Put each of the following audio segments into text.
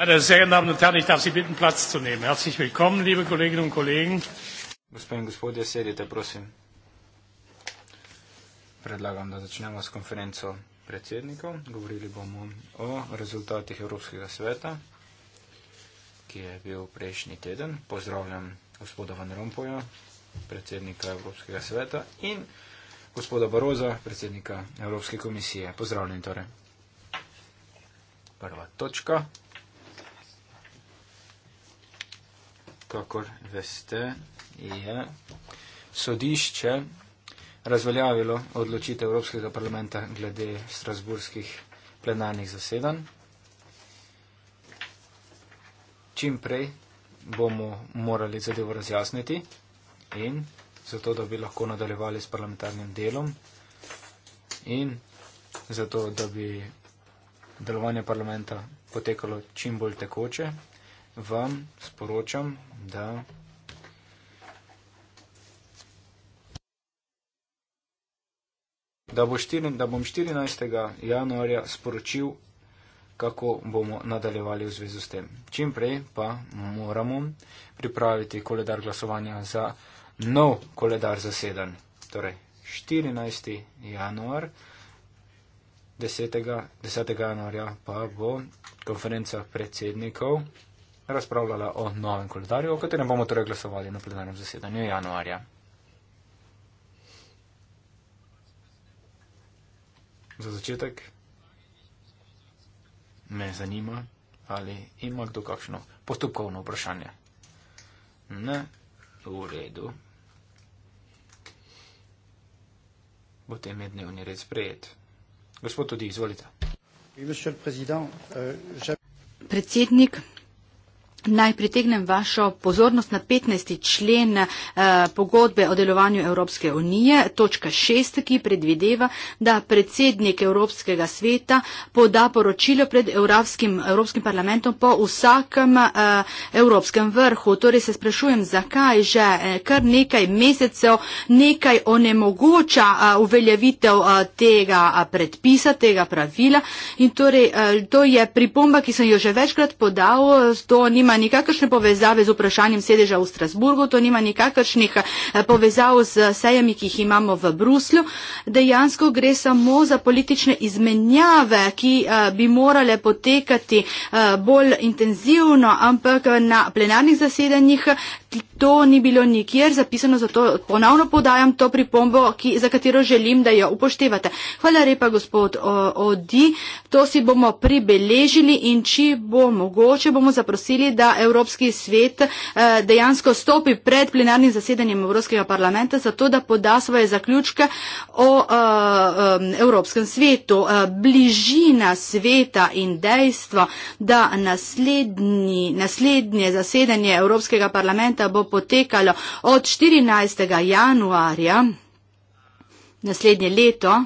Meine sehr geehrten Damen und Herren, ich darf Sie bitten, Platz zu nehmen. Herzlich willkommen, liebe Kolleginnen und Kollegen. Gospodin, gospodje, sedite, prosim. Predlagam, da začnemo s konferenco predsednikov. Govorili bomo o rezultatih Evropskega sveta, ki je bil prejšnji teden. Pozdravljam gospoda Van Rompuyja, predsednika Evropskega sveta, in gospoda Baroza, predsednika Evropske komisije. Pozdravljen torej. Prva točka. kakor veste, je sodišče razveljavilo odločitev Evropskega parlamenta glede strasburskih plenarnih zasedanj. Čim prej bomo morali zadevo razjasniti in zato, da bi lahko nadaljevali s parlamentarnim delom in zato, da bi delovanje parlamenta potekalo čim bolj tekoče, vam sporočam, da Da, bo štir, da bom 14. januarja sporočil, kako bomo nadaljevali v zvezi s tem. Čim prej pa moramo pripraviti koledar glasovanja za nov koledar zasedan. Torej, 14. januar, 10. 10. januarja pa bo konferenca predsednikov razpravljala o novem koledarju, o katerem bomo torej glasovali na plenarnem zasedanju januarja. Za začetek me zanima, ali ima kdo kakšno postopkovno vprašanje. Ne, v redu. Potem je dnevni red sprejet. Gospod tudi, izvolite. Euh, Predsednik, Naj pritegnem vašo pozornost na 15. člen eh, pogodbe o delovanju Evropske unije, točka 6, ki predvideva, da predsednik Evropskega sveta poda poročilo pred Evropskim, Evropskim parlamentom po vsakem eh, Evropskem vrhu. Torej se sprašujem, zakaj že eh, kar nekaj mesecev nekaj onemogoča uveljavitev tega predpisa, tega pravila. In torej to je pripomba, ki sem jo že večkrat podal, to nima nima nikakršne povezave z vprašanjem sedeža v Strasburgu, to nima nikakršnih eh, povezav z sejami, ki jih imamo v Bruslju. Dejansko gre samo za politične izmenjave, ki eh, bi morale potekati eh, bolj intenzivno, ampak na plenarnih zasedanjih to ni bilo nikjer zapisano, zato ponovno podajam to pripombo, ki, za katero želim, da jo upoštevate. Hvala lepa, gospod Odi. To si bomo pribeležili in če bo mogoče, bomo zaprosili, da Evropski svet eh, dejansko stopi pred plenarnim zasedanjem Evropskega parlamenta, zato da poda svoje zaključke o eh, Evropskem svetu. Eh, bližina sveta in dejstvo, da naslednje zasedanje Evropskega parlamenta leta bo potekalo od 14. januarja naslednje leto,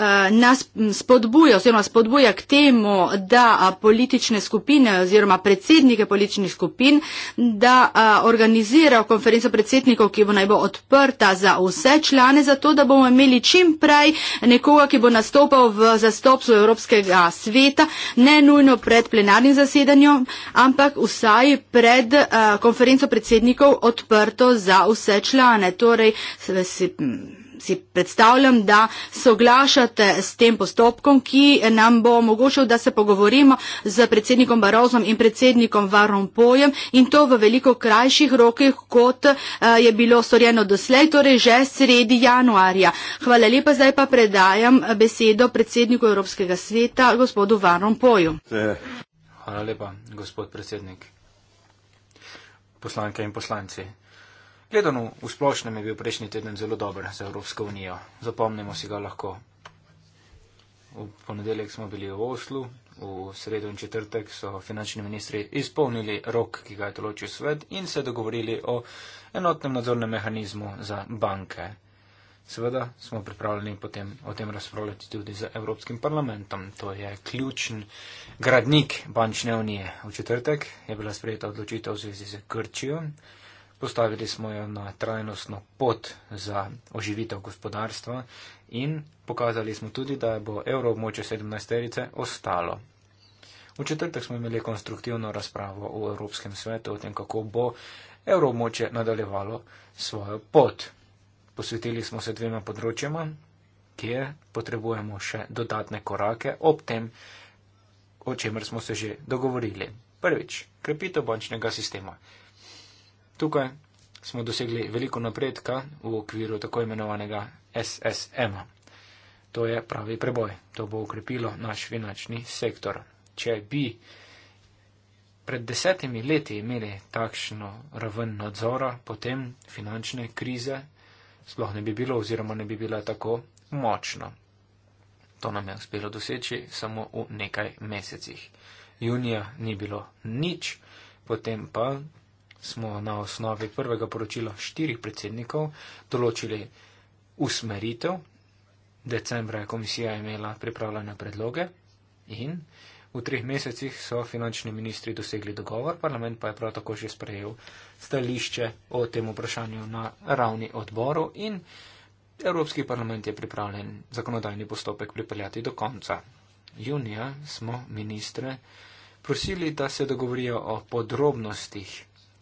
Eh, nas spodbuja oziroma spodbuja k temu, da eh, politične skupine oziroma predsednike političnih skupin, da eh, organizirajo konferenco predsednikov, ki bo naj bo odprta za vse člane, zato da bomo imeli čim prej nekoga, ki bo nastopal v zastopstvu Evropskega sveta, ne nujno pred plenarnim zasedanjem, ampak vsaj pred konferenco predsednikov odprto za vse člane. Torej, si predstavljam, da soglašate s tem postopkom, ki nam bo omogočil, da se pogovorimo z predsednikom Barozom in predsednikom Varompojem in to v veliko krajših rokih, kot eh, je bilo storjeno doslej, torej že sredi januarja. Hvala lepa, zdaj pa predajam eh, besedo predsedniku Evropskega sveta, gospodu Varompoju. Hvala lepa, gospod predsednik. Poslanke in poslanci. Gledano v splošnem je bil prejšnji teden zelo dober za Evropsko unijo. Zapomnimo si ga lahko. V ponedeljek smo bili v Oslu, v sredo in četrtek so finančni ministri izpolnili rok, ki ga je določil svet in se dogovorili o enotnem nadzornem mehanizmu za banke. Seveda smo pripravljeni potem o tem razpravljati tudi z Evropskim parlamentom. To je ključen gradnik bančne unije. V četrtek je bila sprejeta odločitev v zvezi z Grčijo. Postavili smo jo na trajnostno pot za oživitev gospodarstva in pokazali smo tudi, da bo evroobmočje 17. ostalo. V četrtek smo imeli konstruktivno razpravo v Evropskem svetu o tem, kako bo evroobmočje nadaljevalo svojo pot. Posvetili smo se dvema področjama, kjer potrebujemo še dodatne korake ob tem, o čemer smo se že dogovorili. Prvič, krepitev bančnega sistema. Tukaj smo dosegli veliko napredka v okviru tako imenovanega SSM. -a. To je pravi preboj. To bo ukrepilo naš finančni sektor. Če bi pred desetimi leti imeli takšno raven nadzora, potem finančne krize sploh ne bi bilo oziroma ne bi bila tako močna. To nam je uspelo doseči samo v nekaj mesecih. Junija ni bilo nič, potem pa smo na osnovi prvega poročila štirih predsednikov določili usmeritev. Decembra je komisija imela pripravljene predloge in v treh mesecih so finančni ministri dosegli dogovor, parlament pa je prav tako že sprejel stališče o tem vprašanju na ravni odboru in Evropski parlament je pripravljen zakonodajni postopek pripeljati do konca. Junija smo ministre prosili, da se dogovorijo o podrobnostih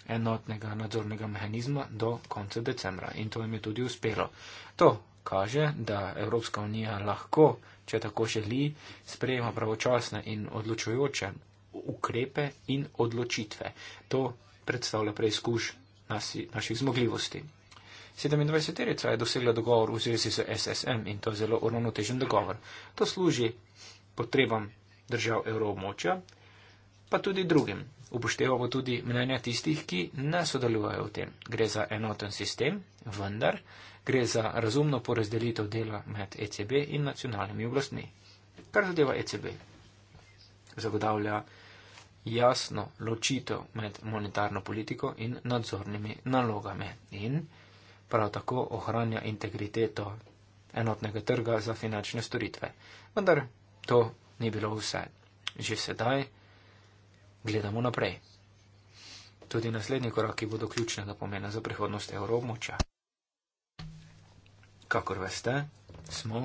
enotnega nadzornega mehanizma do konca decembra in to jim je tudi uspelo. To kaže, da Evropska unija lahko, če tako želi, sprejema pravočasne in odločujoče ukrepe in odločitve. To predstavlja preizkuš nasi, naših zmogljivosti. 27-erica je dosegla dogovor v zvezi z SSM in to je zelo uravnotežen dogovor. To služi potrebam držav evroobmočja, pa tudi drugim upoštevamo tudi mnenja tistih, ki ne sodelujejo v tem. Gre za enoten sistem, vendar gre za razumno porazdelitev dela med ECB in nacionalnimi oblastmi. Kar zadeva ECB, zagotavlja jasno ločitev med monetarno politiko in nadzornimi nalogami in prav tako ohranja integriteto enotnega trga za finančne storitve. Vendar to ni bilo vse. Že sedaj gledamo naprej. Tudi naslednji koraki bodo ključnega pomena za prihodnost evroobmoča. Kakor veste, smo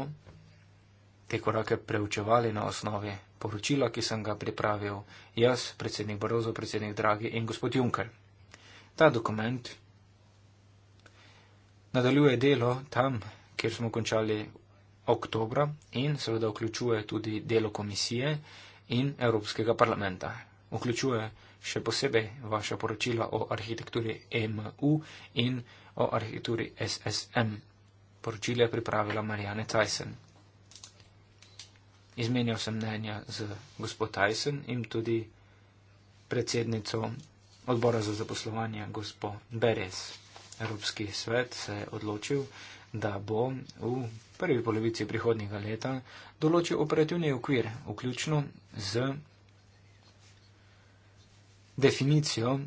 te korake preučevali na osnovi poročila, ki sem ga pripravil jaz, predsednik Barozo, predsednik Dragi in gospod Juncker. Ta dokument nadaljuje delo tam, kjer smo končali oktobra in seveda vključuje tudi delo komisije in Evropskega parlamenta vključuje še posebej vaša poročila o arhitekturi EMU in o arhitekturi SSM. Poročila je pripravila Marianne Tyson. Izmenjal sem mnenja z gospod Tyson in tudi predsednico odbora za zaposlovanje, gospod Beres. Evropski svet se je odločil, da bo v prvi polovici prihodnjega leta določil operativni okvir, vključno z definicijo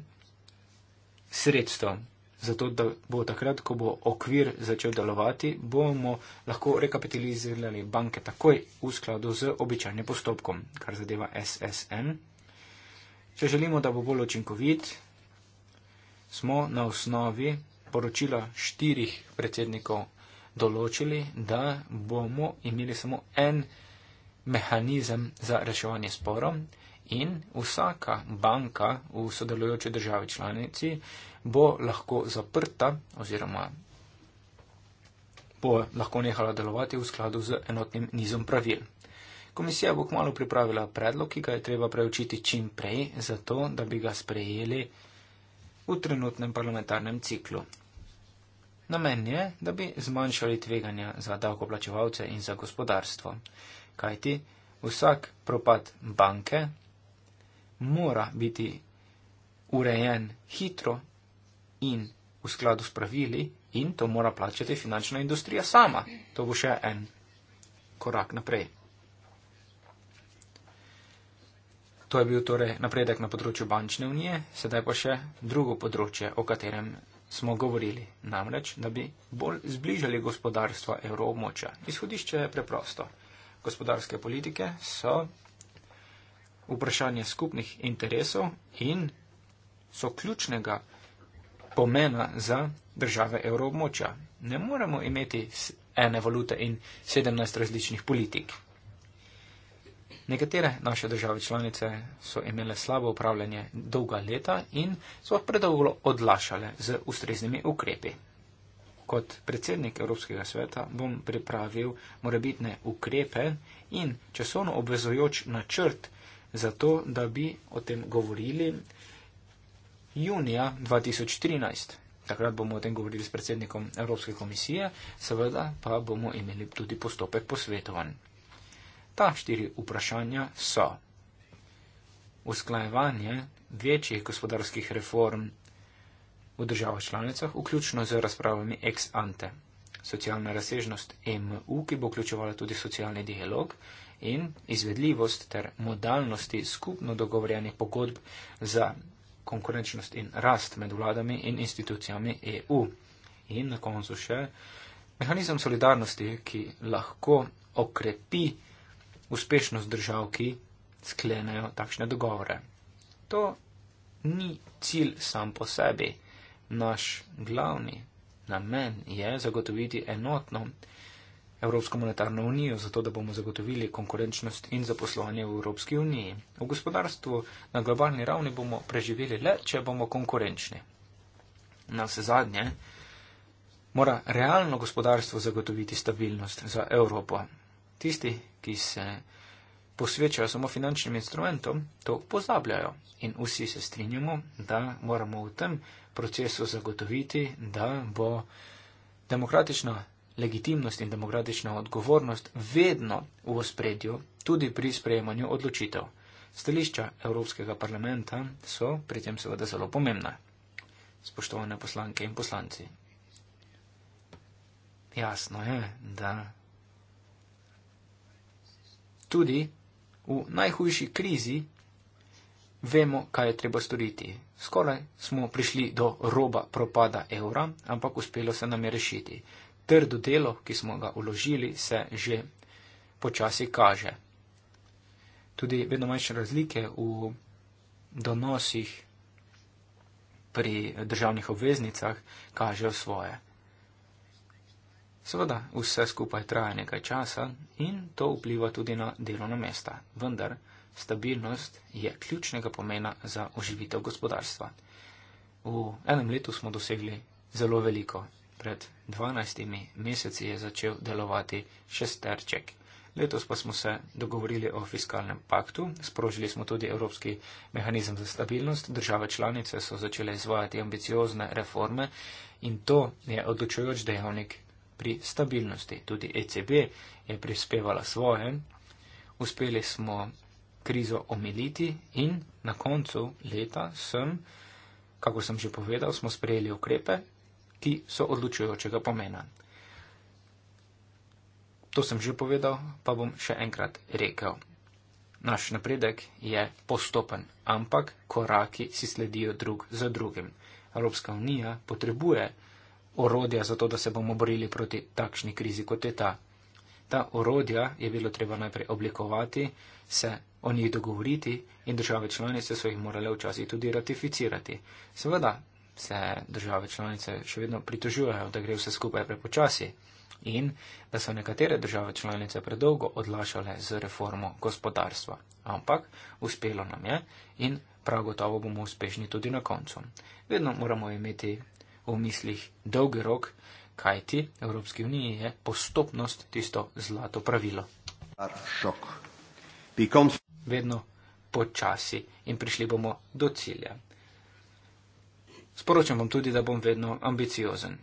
sredstva. Zato, da bo takrat, ko bo okvir začel delovati, bomo lahko rekapitalizirali banke takoj v skladu z običajnim postopkom, kar zadeva SSN. Če želimo, da bo bolj očinkovit, smo na osnovi poročila štirih predsednikov določili, da bomo imeli samo en mehanizem za reševanje sporov in vsaka banka v sodelujoče države članici bo lahko zaprta oziroma bo lahko nehala delovati v skladu z enotnim nizom pravil. Komisija bo kmalo pripravila predlog, ki ga je treba preučiti čim prej, zato da bi ga sprejeli v trenutnem parlamentarnem ciklu. Namen je, da bi zmanjšali tveganja za davkoplačevalce in za gospodarstvo, kajti vsak propad banke mora biti urejen hitro in v skladu s pravili, in to mora plačati finančna industrija sama. To bo še en korak naprej. To je bil torej napredek na področju bančne unije, sedaj pa še drugo področje, o katerem smo govorili, namreč, da bi bolj zbližali gospodarstvo evroobmoča. Izhodišče je preprosto. Gospodarske politike so vprašanje skupnih interesov in so ključnega pomena za države evroobmočja. Ne moremo imeti ene valute in 17 različnih politik. Nekatere naše države članice so imele slabo upravljanje dolga leta in so predolgo odlašale z ustreznimi ukrepi. Kot predsednik Evropskega sveta bom pripravil morebitne ukrepe in časovno obvezojoč načrt zato da bi o tem govorili junija 2013. Takrat bomo o tem govorili s predsednikom Evropske komisije, seveda pa bomo imeli tudi postopek posvetovanj. Ta štiri vprašanja so usklajevanje večjih gospodarskih reform v državah članicah, vključno z razpravami ex ante, socialna razsežnost MU, ki bo vključevala tudi socialni dialog, in izvedljivost ter modalnosti skupno dogovorjenih pogodb za konkurenčnost in rast med vladami in institucijami EU. In na koncu še mehanizem solidarnosti, ki lahko okrepi uspešnost držav, ki sklenejo takšne dogovore. To ni cilj sam po sebi. Naš glavni namen je zagotoviti enotno Evropsko monetarno unijo, zato da bomo zagotovili konkurenčnost in zaposlovanje v Evropski uniji. V gospodarstvu na globalni ravni bomo preživeli le, če bomo konkurenčni. Na vse zadnje mora realno gospodarstvo zagotoviti stabilnost za Evropo. Tisti, ki se posvečajo samo finančnim instrumentom, to pozabljajo in vsi se strinjamo, da moramo v tem procesu zagotoviti, da bo demokratična legitimnost in demokratična odgovornost vedno v ospredju, tudi pri sprejemanju odločitev. Stališča Evropskega parlamenta so pri tem seveda zelo pomembna, spoštovane poslanke in poslanci. Jasno je, da tudi v najhujši krizi vemo, kaj je treba storiti. Skoraj smo prišli do roba propada evra, ampak uspelo se nam je rešiti trdo delo, ki smo ga uložili, se že počasi kaže. Tudi vedno manjše razlike v donosih pri državnih obveznicah kažejo svoje. Seveda, vse skupaj traja nekaj časa in to vpliva tudi na delovna mesta, vendar stabilnost je ključnega pomena za oživitev gospodarstva. V enem letu smo dosegli zelo veliko, pred dvanajstimi meseci je začel delovati šesterček. Letos pa smo se dogovorili o fiskalnem paktu, sprožili smo tudi Evropski mehanizem za stabilnost, države članice so začele izvajati ambiciozne reforme in to je odločujoč dejavnik pri stabilnosti. Tudi ECB je prispevala svoje, uspeli smo krizo omiliti in na koncu leta sem, kako sem že povedal, smo sprejeli ukrepe, ki so odločujočega pomena. To sem že povedal, pa bom še enkrat rekel. Naš napredek je postopen, ampak koraki si sledijo drug za drugim. Evropska unija potrebuje orodja za to, da se bomo borili proti takšni krizi kot je ta. Ta orodja je bilo treba najprej oblikovati, se o njih dogovoriti in države članice so jih morale včasih tudi ratificirati. Seveda, se države članice še vedno pritožujejo, da gre vse skupaj prepočasi in da so nekatere države članice predolgo odlašale z reformo gospodarstva. Ampak uspelo nam je in prav gotovo bomo uspešni tudi na koncu. Vedno moramo imeti v mislih dolgi rok, kajti Evropski uniji je postopnost tisto zlato pravilo. Vedno počasi in prišli bomo do cilja. Sporočam vam tudi, da bom vedno ambiciozen.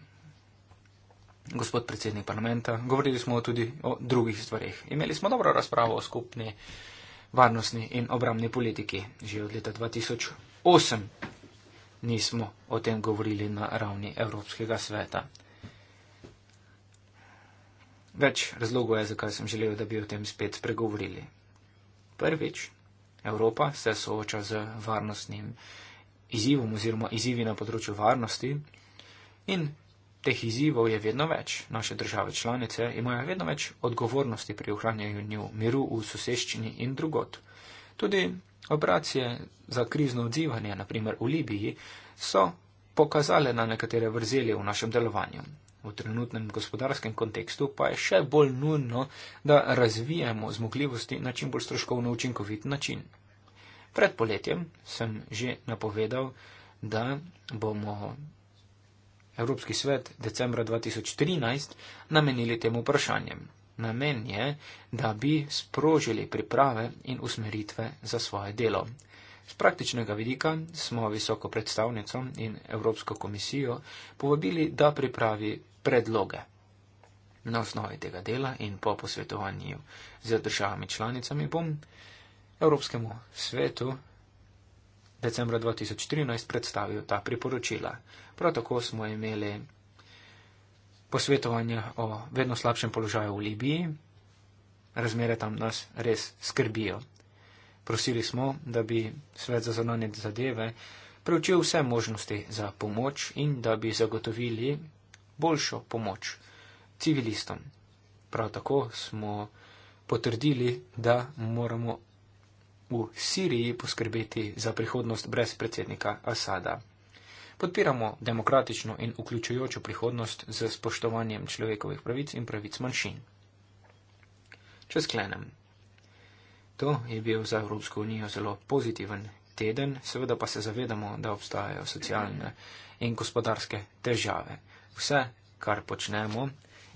Gospod predsednik parlamenta, govorili smo tudi o drugih stvarih. Imeli smo dobro razpravo o skupni varnostni in obramni politiki. Že od leta 2008 nismo o tem govorili na ravni Evropskega sveta. Več razlogov je, zakaj sem želel, da bi o tem spet spregovorili. Prvič, Evropa se sooča z varnostnim izzivom oziroma izzivi na področju varnosti in teh izzivov je vedno več. Naše države članice imajo vedno več odgovornosti pri ohranjanju miru v soseščini in drugot. Tudi operacije za krizno odzivanje, naprimer v Libiji, so pokazale na nekatere vrzeli v našem delovanju. V trenutnem gospodarskem kontekstu pa je še bolj nujno, da razvijamo zmogljivosti na čim bolj stroškovno učinkovit način. Pred poletjem sem že napovedal, da bomo Evropski svet decembra 2013 namenili temu vprašanjem. Namen je, da bi sprožili priprave in usmeritve za svoje delo. Z praktičnega vidika smo visoko predstavnico in Evropsko komisijo povabili, da pripravi predloge. Na osnovi tega dela in po posvetovanju z državami članicami bom Evropskemu svetu decembra 2013 predstavil ta priporočila. Prav tako smo imeli posvetovanje o vedno slabšem položaju v Libiji. Razmere tam nas res skrbijo. Prosili smo, da bi svet za zonanje zadeve preučil vse možnosti za pomoč in da bi zagotovili boljšo pomoč civilistom. Prav tako smo potrdili, da moramo v Siriji poskrbeti za prihodnost brez predsednika Asada. Podpiramo demokratično in vključujočo prihodnost z spoštovanjem človekovih pravic in pravic manjšin. Če sklenem. To je bil za Evropsko unijo zelo pozitiven teden, seveda pa se zavedamo, da obstajajo socialne in gospodarske težave. Vse, kar počnemo,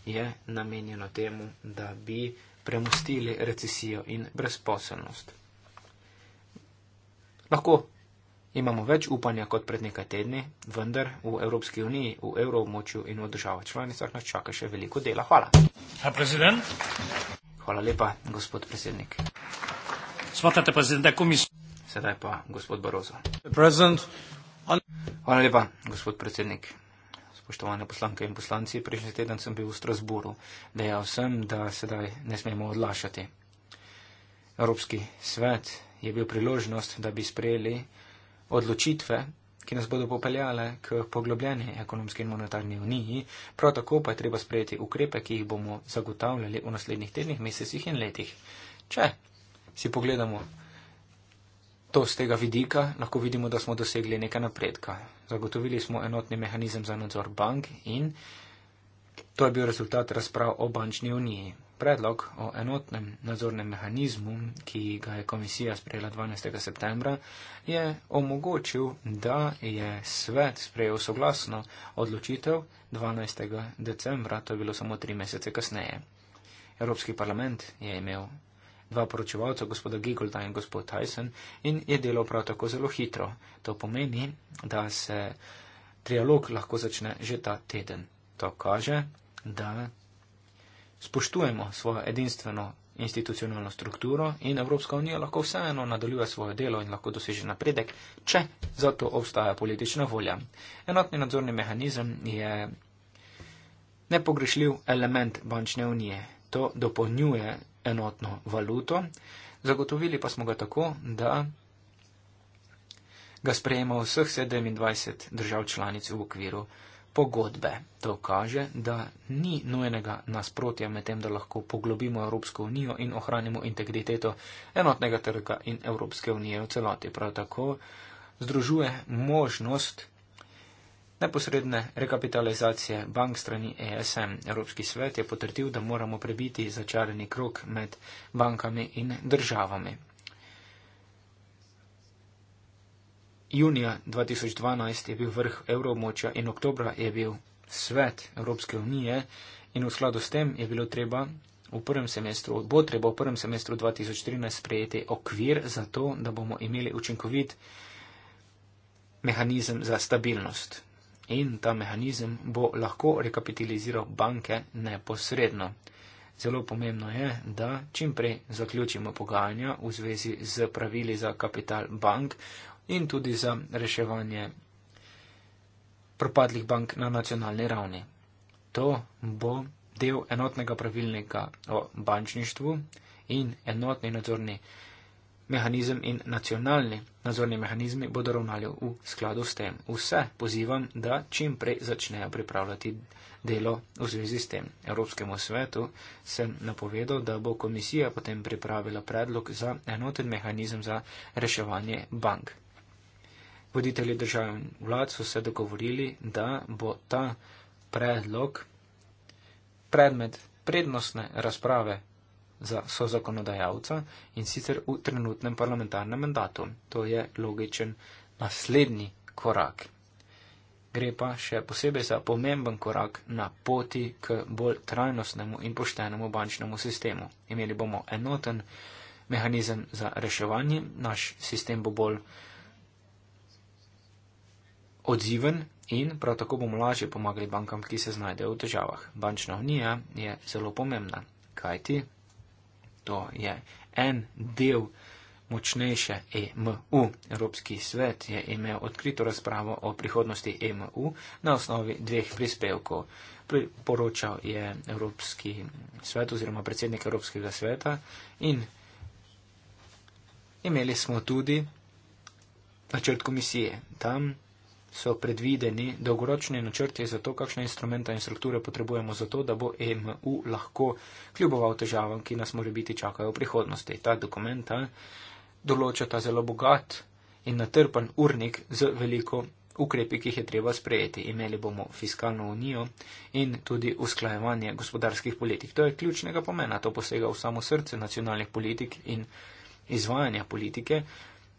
je namenjeno temu, da bi premustili recesijo in brezposelnost. Lahko imamo več upanja kot pred nekaj tedni, vendar v Evropski uniji, v evroobmočju in v državah članicah nas čaka še veliko dela. Hvala. Hvala lepa, gospod predsednik. Smatrate, predsednik, da komisijo. Sedaj pa gospod Barozo. Hvala lepa, gospod predsednik. Spoštovane poslanke in poslanci, prejšnji teden sem bil v Strasburu, dejal sem, da sedaj ne smemo odlašati. Evropski svet je bil priložnost, da bi sprejeli odločitve, ki nas bodo popeljale k poglobljeni ekonomski in monetarni uniji, prav tako pa je treba sprejeti ukrepe, ki jih bomo zagotavljali v naslednjih tednih, mesecih in letih. Če si pogledamo to z tega vidika, lahko vidimo, da smo dosegli nekaj napredka. Zagotovili smo enotni mehanizem za nadzor bank in to je bil rezultat razprav o bančni uniji. Predlog o enotnem nadzornem mehanizmu, ki ga je komisija sprejela 12. septembra, je omogočil, da je svet sprejel soglasno odločitev 12. decembra, to je bilo samo tri mesece kasneje. Evropski parlament je imel dva poročevalca, gospoda Gigolda in gospod Tyson, in je delal prav tako zelo hitro. To pomeni, da se trialog lahko začne že ta teden. To kaže, da spoštujemo svojo edinstveno institucionalno strukturo in Evropska unija lahko vseeno nadaljuje svoje delo in lahko doseže napredek, če za to obstaja politična volja. Enotni nadzorni mehanizem je nepogrešljiv element bančne unije. To dopolnjuje enotno valuto. Zagotovili pa smo ga tako, da ga sprejema vseh 27 držav članic v okviru pogodbe. To kaže, da ni nujnega nasprotja med tem, da lahko poglobimo Evropsko unijo in ohranimo integriteto enotnega trga in Evropske unije v celoti. Prav tako združuje možnost neposredne rekapitalizacije bank strani ESM. Evropski svet je potrdil, da moramo prebiti začarani krok med bankami in državami. Junija 2012 je bil vrh evromoča in oktobra je bil svet Evropske unije in v skladu s tem je bilo treba v prvem semestru, bo treba v prvem semestru 2013 sprejeti okvir za to, da bomo imeli učinkovit mehanizem za stabilnost. In ta mehanizem bo lahko rekapitaliziral banke neposredno. Zelo pomembno je, da čim prej zaključimo pogajanja v zvezi z pravili za kapital bank, in tudi za reševanje propadlih bank na nacionalni ravni. To bo del enotnega pravilnika o bančništvu in enotni nadzorni mehanizem in nacionalni nadzorni mehanizmi bodo ravnali v skladu s tem. Vse pozivam, da čim prej začnejo pripravljati delo v zvezi s tem. Evropskemu svetu sem napovedal, da bo komisija potem pripravila predlog za enoten mehanizem za reševanje bank voditelji držav in vlad so se dogovorili, da bo ta predlog predmet prednostne razprave za sozakonodajalca in sicer v trenutnem parlamentarnem mandatu. To je logičen naslednji korak. Gre pa še posebej za pomemben korak na poti k bolj trajnostnemu in poštenemu bančnemu sistemu. Imeli bomo enoten mehanizem za reševanje, naš sistem bo bolj odziven in prav tako bomo lažje pomagali bankam, ki se znajdejo v težavah. Bančna unija je zelo pomembna, kajti to je en del močnejše EMU. Evropski svet je imel odkrito razpravo o prihodnosti EMU na osnovi dveh prispevkov. Poročal je Evropski svet oziroma predsednik Evropskega sveta in imeli smo tudi načrt komisije. Tam so predvideni dolgoročni načrti za to, kakšne instrumenta in strukture potrebujemo za to, da bo EMU lahko kljuboval težavam, ki nas more biti čakajo v prihodnosti. Ta dokumenta določa ta zelo bogat in natrpan urnik z veliko ukrepi, ki jih je treba sprejeti. Imeli bomo fiskalno unijo in tudi usklajevanje gospodarskih politik. To je ključnega pomena, to posega v samo srce nacionalnih politik in izvajanja politike,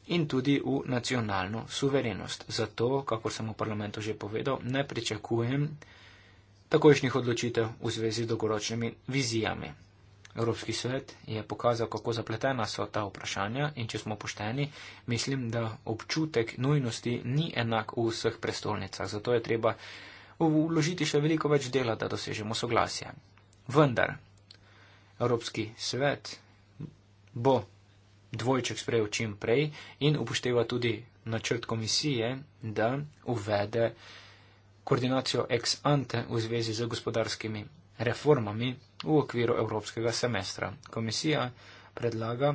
in tudi v nacionalno suverenost. Zato, kako sem v parlamentu že povedal, ne pričakujem takošnjih odločitev v zvezi z dolgoročnimi vizijami. Evropski svet je pokazal, kako zapletena so ta vprašanja in če smo pošteni, mislim, da občutek nujnosti ni enak v vseh prestolnicah, zato je treba vložiti še veliko več dela, da dosežemo soglasje. Vendar, Evropski svet bo dvojček sprejel čim prej in upošteva tudi načrt komisije, da uvede koordinacijo ex ante v zvezi z gospodarskimi reformami v okviru evropskega semestra. Komisija predlaga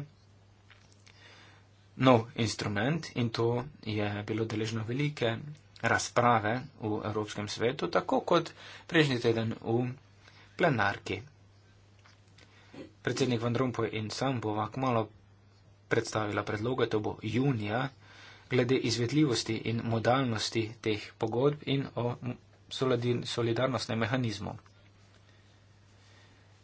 nov instrument in to je bilo deležno velike razprave v Evropskem svetu, tako kot prejšnji teden v plenarki. Predsednik Van Rompuy in sam bova kmalo predstavila predloge, to bo junija, glede izvedljivosti in modalnosti teh pogodb in o solidarnostnem mehanizmu.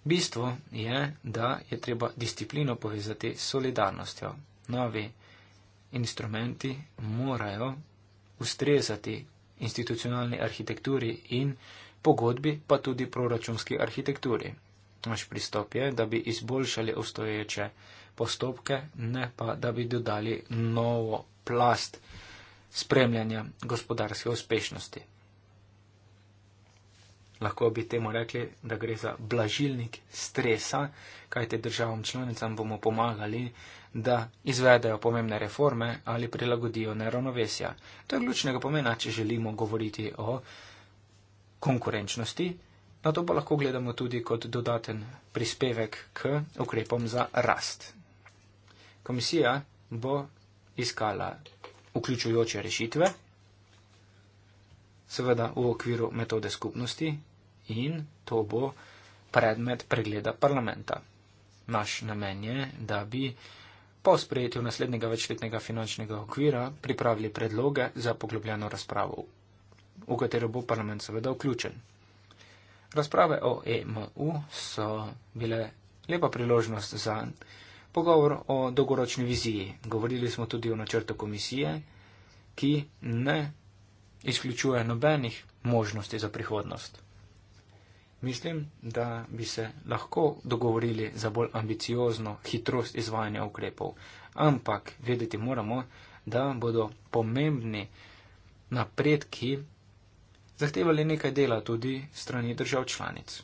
Bistvo je, da je treba disciplino povezati s solidarnostjo. Novi instrumenti morajo ustrezati institucionalni arhitekturi in pogodbi, pa tudi proračunski arhitekturi. Naš pristop je, da bi izboljšali obstoječe postopke, ne pa da bi dodali novo plast spremljanja gospodarske uspešnosti. Lahko bi temu rekli, da gre za blažilnik stresa, kajte državam članicam bomo pomagali, da izvedejo pomembne reforme ali prilagodijo neravnovesja. To je ključnega pomena, če želimo govoriti o konkurenčnosti. Na to pa lahko gledamo tudi kot dodaten prispevek k ukrepom za rast komisija bo iskala vključujoče rešitve, seveda v okviru metode skupnosti in to bo predmet pregleda parlamenta. Naš namen je, da bi po sprejetju naslednjega večletnega finančnega okvira pripravili predloge za poglobljeno razpravo, v katero bo parlament seveda vključen. Razprave o EMU so bile lepa priložnost za pogovor o dolgoročni viziji. Govorili smo tudi o načrtu komisije, ki ne izključuje nobenih možnosti za prihodnost. Mislim, da bi se lahko dogovorili za bolj ambiciozno hitrost izvajanja ukrepov, ampak vedeti moramo, da bodo pomembni napredki zahtevali nekaj dela tudi strani držav članic.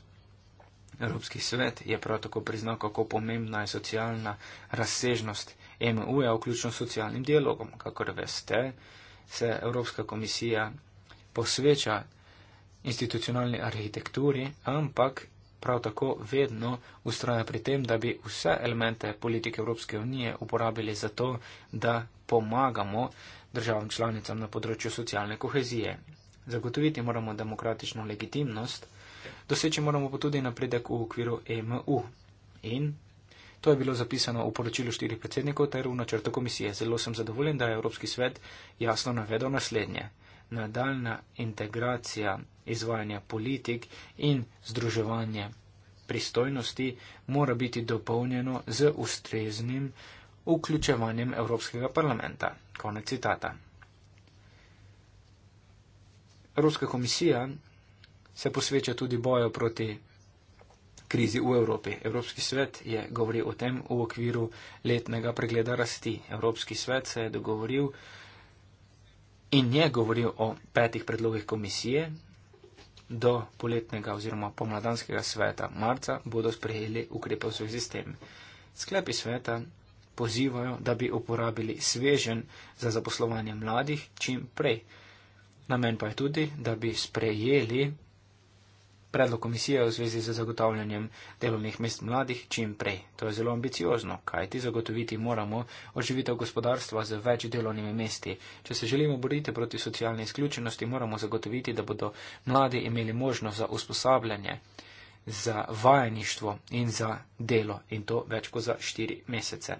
Evropski svet je prav tako priznal, kako pomembna je socialna razsežnost EMU-ja, vključno s socialnim dialogom. Kakor veste, se Evropska komisija posveča institucionalni arhitekturi, ampak prav tako vedno ustraja pri tem, da bi vse elemente politike Evropske unije uporabili za to, da pomagamo državam članicam na področju socialne kohezije. Zagotoviti moramo demokratično legitimnost Doseči moramo pa tudi napredek v okviru EMU. In to je bilo zapisano v poročilu štirih predsednikov ter v načrtu komisije. Zelo sem zadovoljen, da je Evropski svet jasno navedel naslednje. Nadaljna integracija izvajanja politik in združevanje pristojnosti mora biti dopolnjeno z ustreznim vključevanjem Evropskega parlamenta. Konec citata. Evropska komisija se posveča tudi boju proti krizi v Evropi. Evropski svet je govoril o tem v okviru letnega pregleda rasti. Evropski svet se je dogovoril in je govoril o petih predlogih komisije. Do poletnega oziroma pomladanskega sveta marca bodo sprejeli ukrepe v zvezi s tem. Sklepi sveta pozivajo, da bi uporabili svežen za zaposlovanje mladih čim prej. Namen pa je tudi, da bi sprejeli predlog komisije v zvezi z zagotavljanjem delovnih mest mladih čim prej. To je zelo ambiciozno, kajti zagotoviti moramo oživitev gospodarstva z več delovnimi mesti. Če se želimo boriti proti socialni izključenosti, moramo zagotoviti, da bodo mladi imeli možnost za usposabljanje, za vajeništvo in za delo in to več kot za štiri mesece.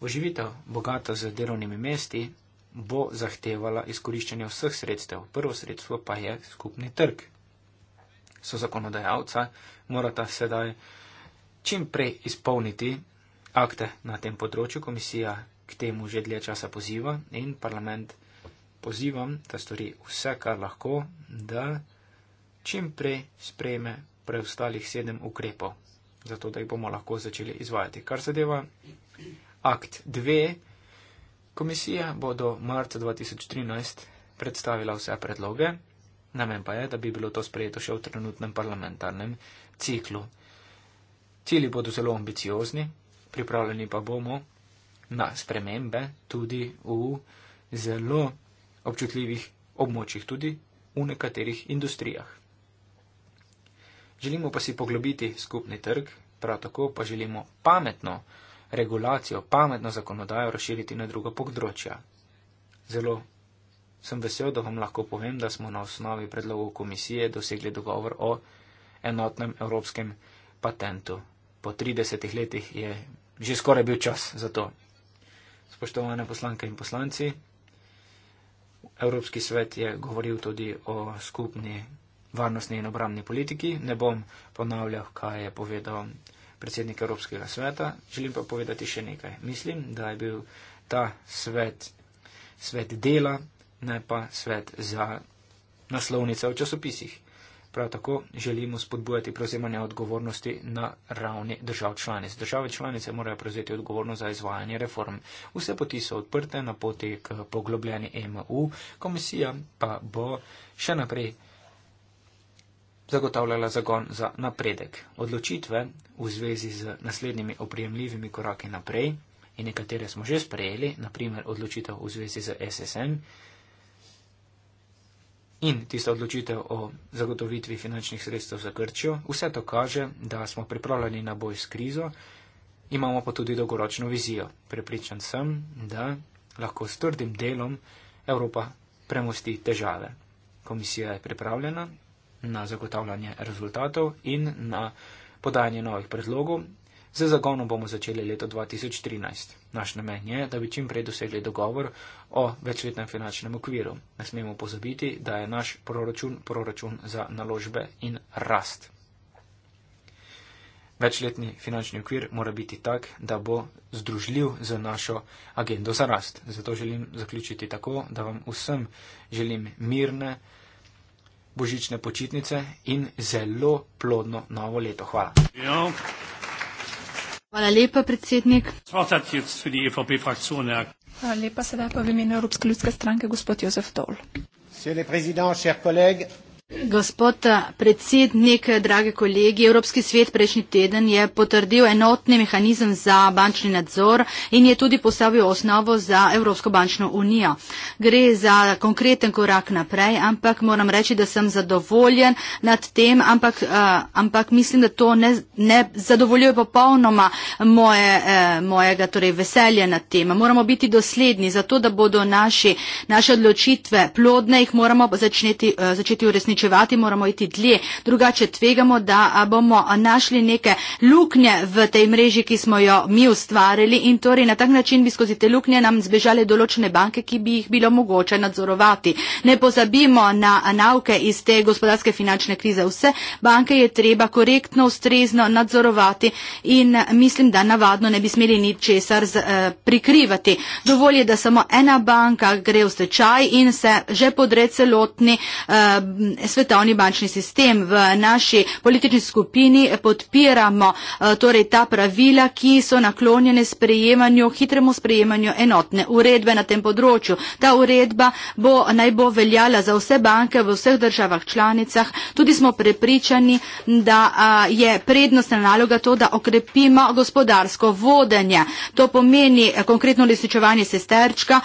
Oživitev bogata z delovnimi mesti bo zahtevala izkoriščanje vseh sredstev. Prvo sredstvo pa je skupni trg. So zakonodajalca, morata sedaj čim prej izpolniti akte na tem področju. Komisija k temu že dlje časa poziva in parlament pozivam, da stori vse, kar lahko, da čim prej sprejme preostalih sedem ukrepov, zato da jih bomo lahko začeli izvajati. Kar zadeva akt 2, Komisija bo do marca 2013 predstavila vse predloge, namen pa je, da bi bilo to sprejeto še v trenutnem parlamentarnem ciklu. Cili bodo zelo ambiciozni, pripravljeni pa bomo na spremembe tudi v zelo občutljivih območjih, tudi v nekaterih industrijah. Želimo pa si poglobiti skupni trg, prav tako pa želimo pametno regulacijo, pametno zakonodajo razširiti na druga področja. Zelo sem vesel, da vam lahko povem, da smo na osnovi predlogov komisije dosegli dogovor o enotnem evropskem patentu. Po 30 letih je že skoraj bil čas za to. Spoštovane poslanke in poslanci, Evropski svet je govoril tudi o skupni varnostni in obramni politiki. Ne bom ponavljal, kaj je povedal predsednik Evropskega sveta. Želim pa povedati še nekaj. Mislim, da je bil ta svet svet dela, ne pa svet za naslovnice v časopisih. Prav tako želimo spodbujati prevzemanje odgovornosti na ravni držav članic. Države članice morajo prevzeti odgovornost za izvajanje reform. Vse poti so odprte na poti k poglobljeni EMU, komisija pa bo še naprej zagotavljala zagon za napredek. Odločitve v zvezi z naslednjimi oprijemljivimi koraki naprej in nekatere smo že sprejeli, naprimer odločitev v zvezi z SSM in tista odločitev o zagotovitvi finančnih sredstev za Grčijo, vse to kaže, da smo pripravljeni na boj s krizo, imamo pa tudi dolgoročno vizijo. Prepričan sem, da lahko s trdim delom Evropa premosti težave. Komisija je pripravljena, na zagotavljanje rezultatov in na podajanje novih predlogov. Z zagonom bomo začeli leto 2013. Naš namen je, da bi čim prej dosegli dogovor o večletnem finančnem okviru. Ne smemo pozabiti, da je naš proračun proračun za naložbe in rast. Večletni finančni okvir mora biti tak, da bo združljiv z našo agendo za rast. Zato želim zaključiti tako, da vam vsem želim mirne, božične počitnice in zelo plodno novo leto. Hvala. Ja. Hvala lepa, predsednik. E Hvala lepa, sedaj pa v imenu Evropske ljudske stranke, gospod Jozef Dol. Gospod eh, predsednik, eh, drage kolegi, Evropski svet prejšnji teden je potrdil enotni mehanizem za bančni nadzor in je tudi postavil osnovo za Evropsko bančno unijo. Gre za konkreten korak naprej, ampak moram reči, da sem zadovoljen nad tem, ampak, uh, ampak mislim, da to ne, ne zadovoljuje popolnoma moje, uh, mojega torej, veselja nad tem. Moramo biti dosledni, zato da bodo naši, naše odločitve plodne, jih moramo začneti, uh, začeti uresničiti preučevati, moramo iti dlje. Drugače tvegamo, da bomo našli neke luknje v tej mreži, ki smo jo mi ustvarili in torej na tak način bi skozi te luknje nam zbežale določene banke, ki bi jih bilo mogoče nadzorovati. Ne pozabimo na nauke iz te gospodarske finančne krize. Vse banke je treba korektno, ustrezno nadzorovati in mislim, da navadno ne bi smeli ni česar z, eh, prikrivati. Dovolj je, da samo ena banka gre v stečaj in se že podre celotni eh, svetovni bančni sistem. V naši politični skupini podpiramo eh, torej ta pravila, ki so naklonjene sprejemanju, hitremu sprejemanju enotne uredbe na tem področju. Ta uredba bo, naj bo veljala za vse banke v vseh državah članicah. Tudi smo prepričani, da eh, je prednostna naloga to, da okrepimo gospodarsko vodenje. To pomeni eh, konkretno lesičevanje sesterčka,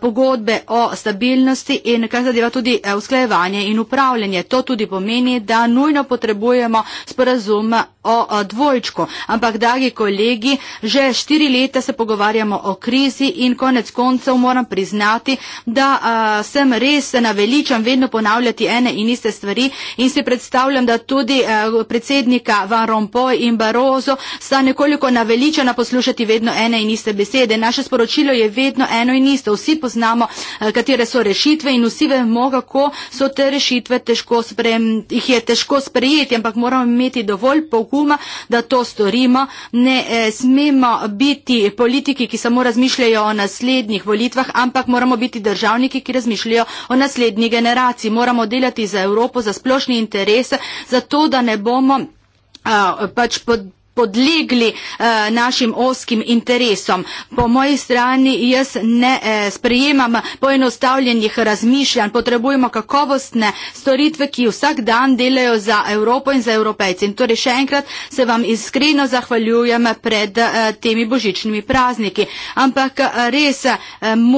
pogodbe o stabilnosti in kar zadeva tudi usklajevanje in upravljanje upravljanje to tudi pomeni da nujno potrebujemo sporazum o dvojčku. Ampak, dragi kolegi, že štiri leta se pogovarjamo o krizi in konec koncev moram priznati, da a, sem res naveličan vedno ponavljati ene in iste stvari in si predstavljam, da tudi a, predsednika Van Rompuy in Barozo sta nekoliko naveličana poslušati vedno ene in iste besede. Naše sporočilo je vedno eno in isto. Vsi poznamo, a, katere so rešitve in vsi vemo, kako so te rešitve težko, sprem, težko sprejeti, ampak moramo imeti dovolj pogumno poguma, da to storimo. Ne eh, smemo biti politiki, ki samo razmišljajo o naslednjih volitvah, ampak moramo biti državniki, ki razmišljajo o naslednji generaciji. Moramo delati za Evropo, za splošni interes, za to, da ne bomo eh, pač pod, podlegli eh, našim oskim interesom. Po moji strani jaz ne eh, sprejemam poenostavljenih razmišljanj, potrebujemo kakovostne storitve, ki vsak dan delajo za Evropo in za evropejce. In torej še enkrat se vam iskreno zahvaljujem pred eh, temi božičnimi prazniki. Ampak eh, res eh,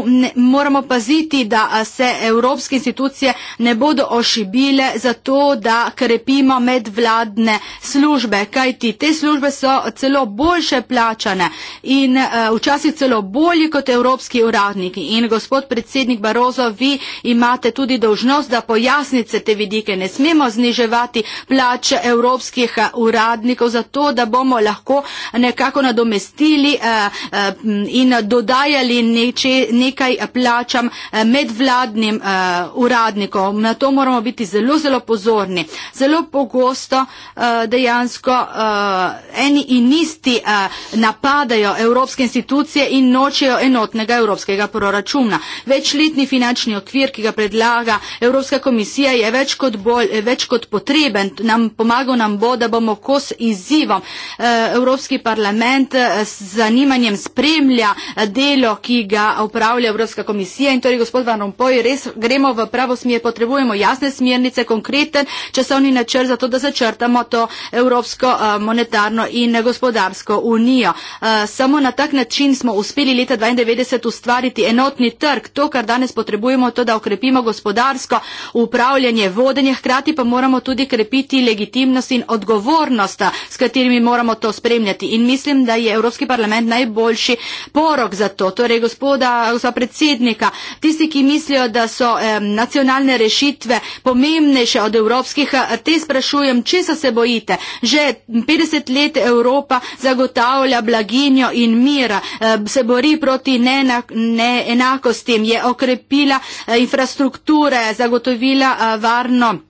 ne, moramo paziti, da eh, se evropske institucije ne bodo ošibile za to, da krepimo medvladne službe, kajti te službe so celo boljše plačane in eh, včasih celo bolje kot evropski uradniki. In gospod predsednik Barozo, vi imate tudi dožnost, da pojasnite te vidike. Ne smemo zniževati plač evropskih eh, uradnikov zato, da bomo lahko nekako nadomestili eh, in dodajali nekaj plačam medvladnim uradnikom. Na to moramo biti zelo, zelo pozorni. Zelo pogosto dejansko eni in isti a, napadajo evropske institucije in nočejo enotnega evropskega proračuna. Večletni finančni okvir, ki ga predlaga Evropska komisija, je več kot, bolj, več kot potreben. Nam, pomagal nam bo, da bomo kos izzivom. E, Evropski parlament e, s zanimanjem spremlja e, delo, ki ga upravlja Evropska komisija. In torej, gospod Van Rompuy, res gremo v pravo smer, potrebujemo jasne smernice, konkreten časovni načrt za to, da začrtamo to evropsko monetarno in gospodarsko unijo. Eh, samo na tak način smo uspeli leta 1992 ustvariti enotni trg. To, kar danes potrebujemo, je to, da okrepimo gospodarsko upravljanje, vodenje, hkrati pa moramo tudi krepiti legitimnost in odgovornost, s katerimi moramo to spremljati. In mislim, da je Evropski parlament najboljši porok za to. Torej, gospoda, gospoda predsednika, tisti, ki mislijo, da so eh, nacionalne rešitve pomembnejše od evropskih, eh, te sprašujem, če se bojite. Že 50 let svet Evropa zagotavlja blaginjo in mira, eh, se bori proti neenakostim, je okrepila eh, infrastrukture, zagotovila eh, varno.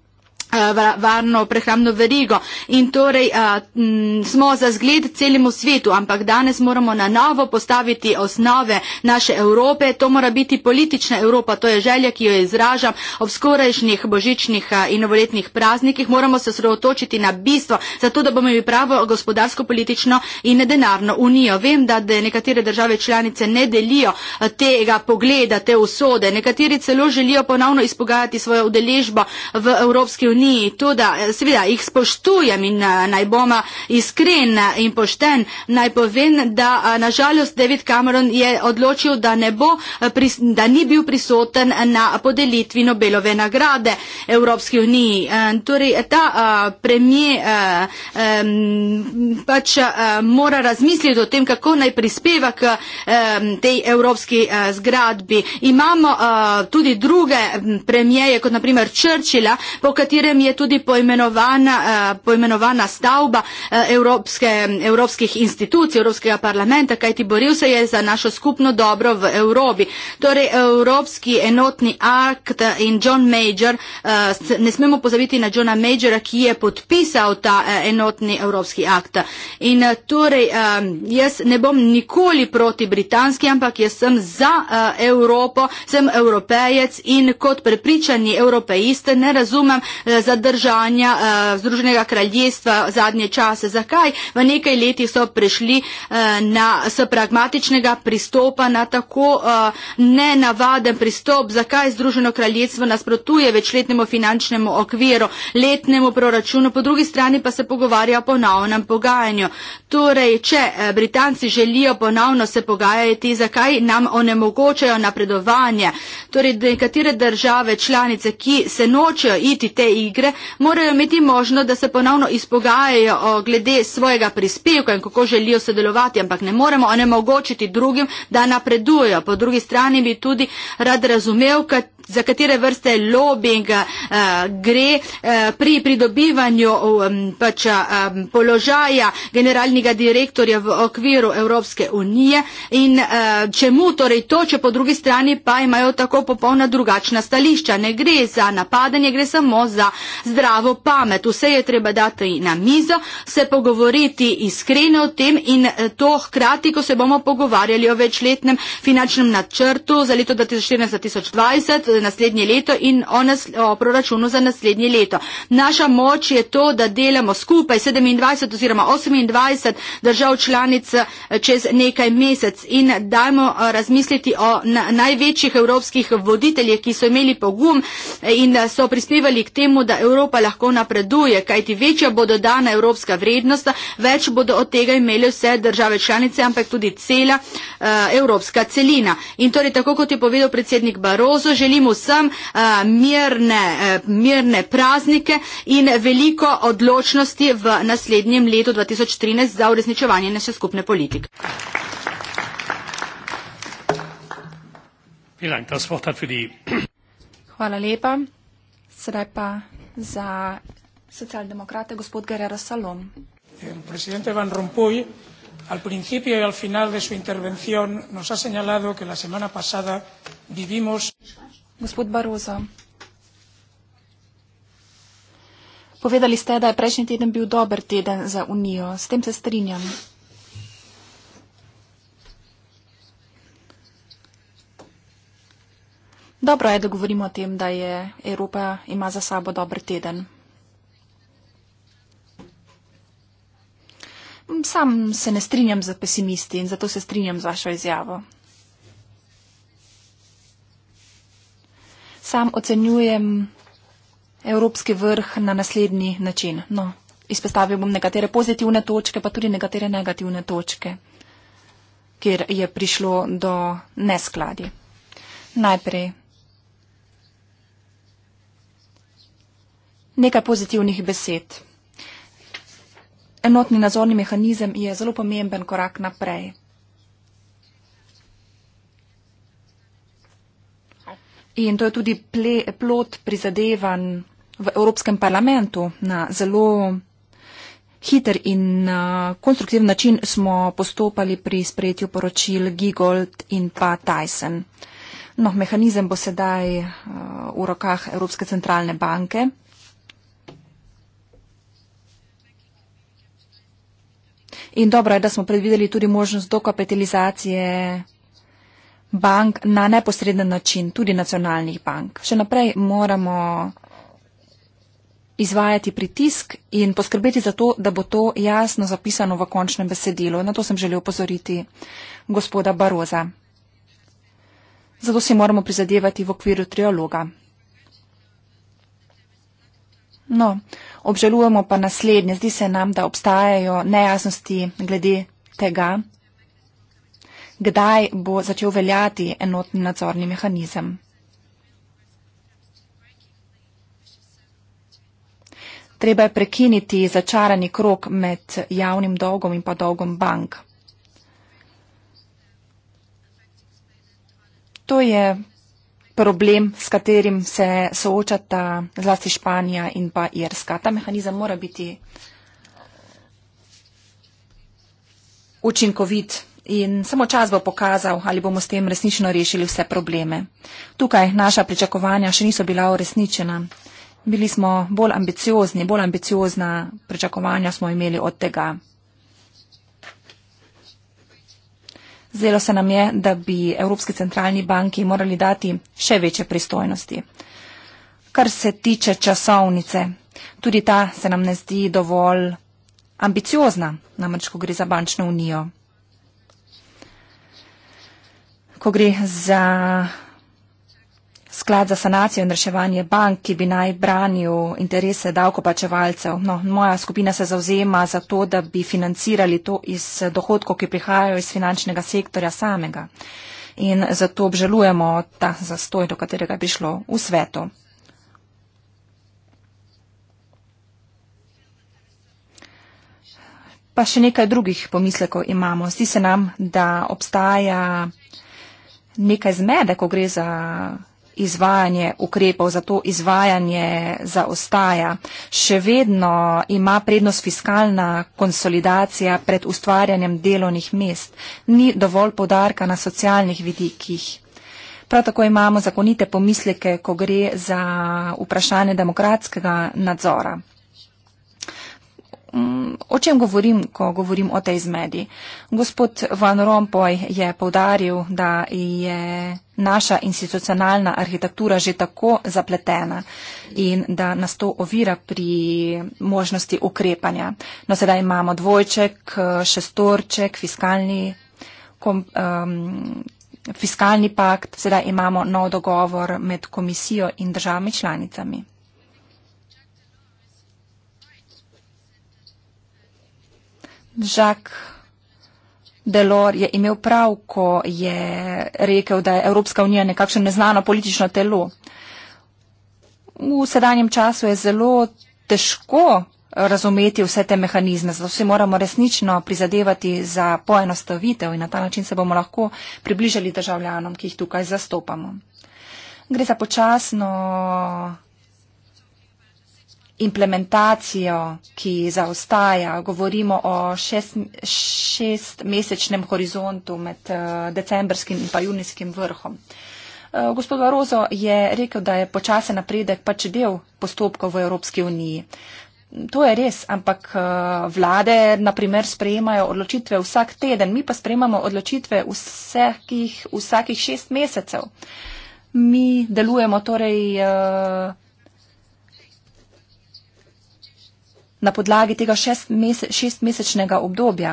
Eh, varno prehrambno verigo in torej a, eh, m, smo za zgled celemu svetu, ampak danes moramo na novo postaviti osnove naše Evrope. To mora biti politična Evropa, to je želja, ki jo izražam ob skorajšnjih božičnih eh, in novoletnih praznikih. Moramo se osredotočiti na bistvo, zato da bomo imeli pravo gospodarsko, politično in denarno unijo. Vem, da de nekatere države članice ne delijo tega pogleda, te usode. Nekateri celo želijo ponovno izpogajati svojo udeležbo v Evropski uniji ni to, da eh, seveda jih spoštujem in eh, naj bom eh, iskren in pošten, naj povem, da nažalost David Cameron je odločil, da, bo, da ni bil prisoten na podelitvi Nobelove nagrade Evropski uniji. Torej, ta premije pač mora razmisliti o tem, kako naj prispeva k tej evropski zgradbi. Imamo tudi druge premijeje, kot naprimer Črčila, po katerem katerem je tudi poimenovana, eh, poimenovana stavba eh, Evropske, evropskih institucij, Evropskega parlamenta, kajti boril se je za našo skupno dobro v Evropi. Torej, Evropski enotni akt in John Major, eh, ne smemo pozaviti na Johna Majora, ki je podpisal ta enotni Evropski akt. In torej, jaz ne bom nikoli proti britanski, ampak jaz sem za Evropo, sem evropejec in kot prepričani evropejist ne razumem zadržanja eh, Združenega kraljestva zadnje čase. Zakaj? V nekaj leti so prišli eh, na, s pragmatičnega pristopa na tako eh, nenavaden pristop. Zakaj Združeno kraljestvo nasprotuje večletnemu finančnemu okviru, letnemu proračunu, po drugi strani pa se pogovarja o ponovnem pogajanju. Torej, če Britanci želijo ponovno se pogajati, zakaj nam onemogočajo napredovanje? Torej, nekatere države članice, ki se nočejo iti te igre, igre, morajo imeti možno, da se ponovno izpogajajo glede svojega prispevka in kako želijo sodelovati, ampak ne moremo onemogočiti drugim, da napredujejo. Po drugi strani bi tudi rad razumel, kaj za katere vrste lobinga eh, gre eh, pri pridobivanju um, pač eh, um, položaja generalnega direktorja v okviru Evropske unije in čemu torej to, če po drugi strani pa imajo tako popolna drugačna stališča. Ne gre za napadanje, gre samo za zdravo pamet. Vse je treba dati na mizo, se pogovoriti iskreno o tem in to hkrati, ko se bomo pogovarjali o večletnem finančnem načrtu za leto 2014-2020, naslednje leto in o, nas, o proračunu za naslednje leto. Naša moč je to, da delamo skupaj 27 oziroma 28 držav članic eh, čez nekaj mesec in dajmo eh, razmisliti o na, največjih evropskih voditeljih, ki so imeli pogum eh, in so prispevali k temu, da Evropa lahko napreduje, kajti večja bo dodana evropska vrednost, več bodo od tega imeli vse države članice, ampak tudi cela uh, evropska celina. In torej, tako kot je povedal predsednik Barozo, želim želim vsem eh, mirne, eh, mirne praznike in veliko odločnosti v naslednjem letu 2013 za uresničevanje naše skupne politike. Hvala lepa. Sedaj pa za socialdemokrate gospod Guerrero Salom. Presidente Van Rompuy, al principio y al final de su intervención nos ha señalado que la semana pasada vivimos. Gospod Barozo. Povedali ste, da je prejšnji teden bil dober teden za Unijo. S tem se strinjam. Dobro je, da govorimo o tem, da je Evropa ima za sabo dober teden. Sam se ne strinjam z pesimisti in zato se strinjam z vašo izjavo. Sam ocenjujem evropski vrh na naslednji način. No, izpostavil bom nekatere pozitivne točke, pa tudi nekatere negativne točke, kjer je prišlo do neskladi. Najprej. Nekaj pozitivnih besed. Enotni nazorni mehanizem je zelo pomemben korak naprej. In to je tudi ple, plot prizadevan v Evropskem parlamentu na zelo hiter in uh, konstruktiven način smo postopali pri sprejetju poročil Gigold in pa Tyson. No, mehanizem bo sedaj uh, v rokah Evropske centralne banke. In dobro je, da smo predvideli tudi možnost dokapitalizacije bank na neposreden način, tudi nacionalnih bank. Še naprej moramo izvajati pritisk in poskrbeti za to, da bo to jasno zapisano v končnem besedilu. Na to sem želel pozoriti gospoda Baroza. Zato si moramo prizadevati v okviru trialoga. No, obžalujemo pa naslednje. Zdi se nam, da obstajajo nejasnosti glede tega, kdaj bo začel veljati enotni nadzorni mehanizem. Treba je prekiniti začarani krok med javnim dolgom in pa dolgom bank. To je problem, s katerim se soočata zlasti Španija in pa Irska. Ta mehanizem mora biti učinkovit in samo čas bo pokazal, ali bomo s tem resnično rešili vse probleme. Tukaj naša pričakovanja še niso bila uresničena. Bili smo bolj ambiciozni, bolj ambiciozna pričakovanja smo imeli od tega. Zelo se nam je, da bi Evropski centralni banki morali dati še večje pristojnosti. Kar se tiče časovnice, tudi ta se nam ne zdi dovolj ambiciozna, namreč ko gre za bančno unijo ko gre za sklad za sanacijo in reševanje bank, ki bi naj branil interese davkopačevalcev. No, moja skupina se zauzema za to, da bi financirali to iz dohodkov, ki prihajajo iz finančnega sektorja samega. In zato obžalujemo ta zastoj, do katerega bi šlo v svetu. Pa še nekaj drugih pomislekov imamo. Zdi se nam, da obstaja nekaj zmede, ko gre za izvajanje ukrepov, zato izvajanje zaostaja. Še vedno ima prednost fiskalna konsolidacija pred ustvarjanjem delovnih mest. Ni dovolj podarka na socialnih vidikih. Prav tako imamo zakonite pomisleke, ko gre za vprašanje demokratskega nadzora. O čem govorim, ko govorim o tej zmedi? Gospod Van Rompuy je povdaril, da je naša institucionalna arhitektura že tako zapletena in da nas to ovira pri možnosti ukrepanja. No, sedaj imamo dvojček, šestorček, fiskalni, kom, um, fiskalni pakt, sedaj imamo nov dogovor med komisijo in državami članicami. Jacques Delors je imel prav, ko je rekel, da je Evropska unija nekakšno neznano politično telo. V sedanjem času je zelo težko razumeti vse te mehanizme, zato se moramo resnično prizadevati za poenostavitev in na ta način se bomo lahko približali državljanom, ki jih tukaj zastopamo. Gre za počasno implementacijo, ki zaostaja. Govorimo o šest, šestmesečnem horizontu med eh, decembrskim in junijskim vrhom. Eh, gospod Varozo je rekel, da je počasen napredek pač del postopkov v Evropski uniji. To je res, ampak eh, vlade, na primer, sprejemajo odločitve vsak teden, mi pa sprejemamo odločitve vsakih, vsakih šest mesecev. Mi delujemo torej na podlagi tega šest mese, šestmesečnega obdobja.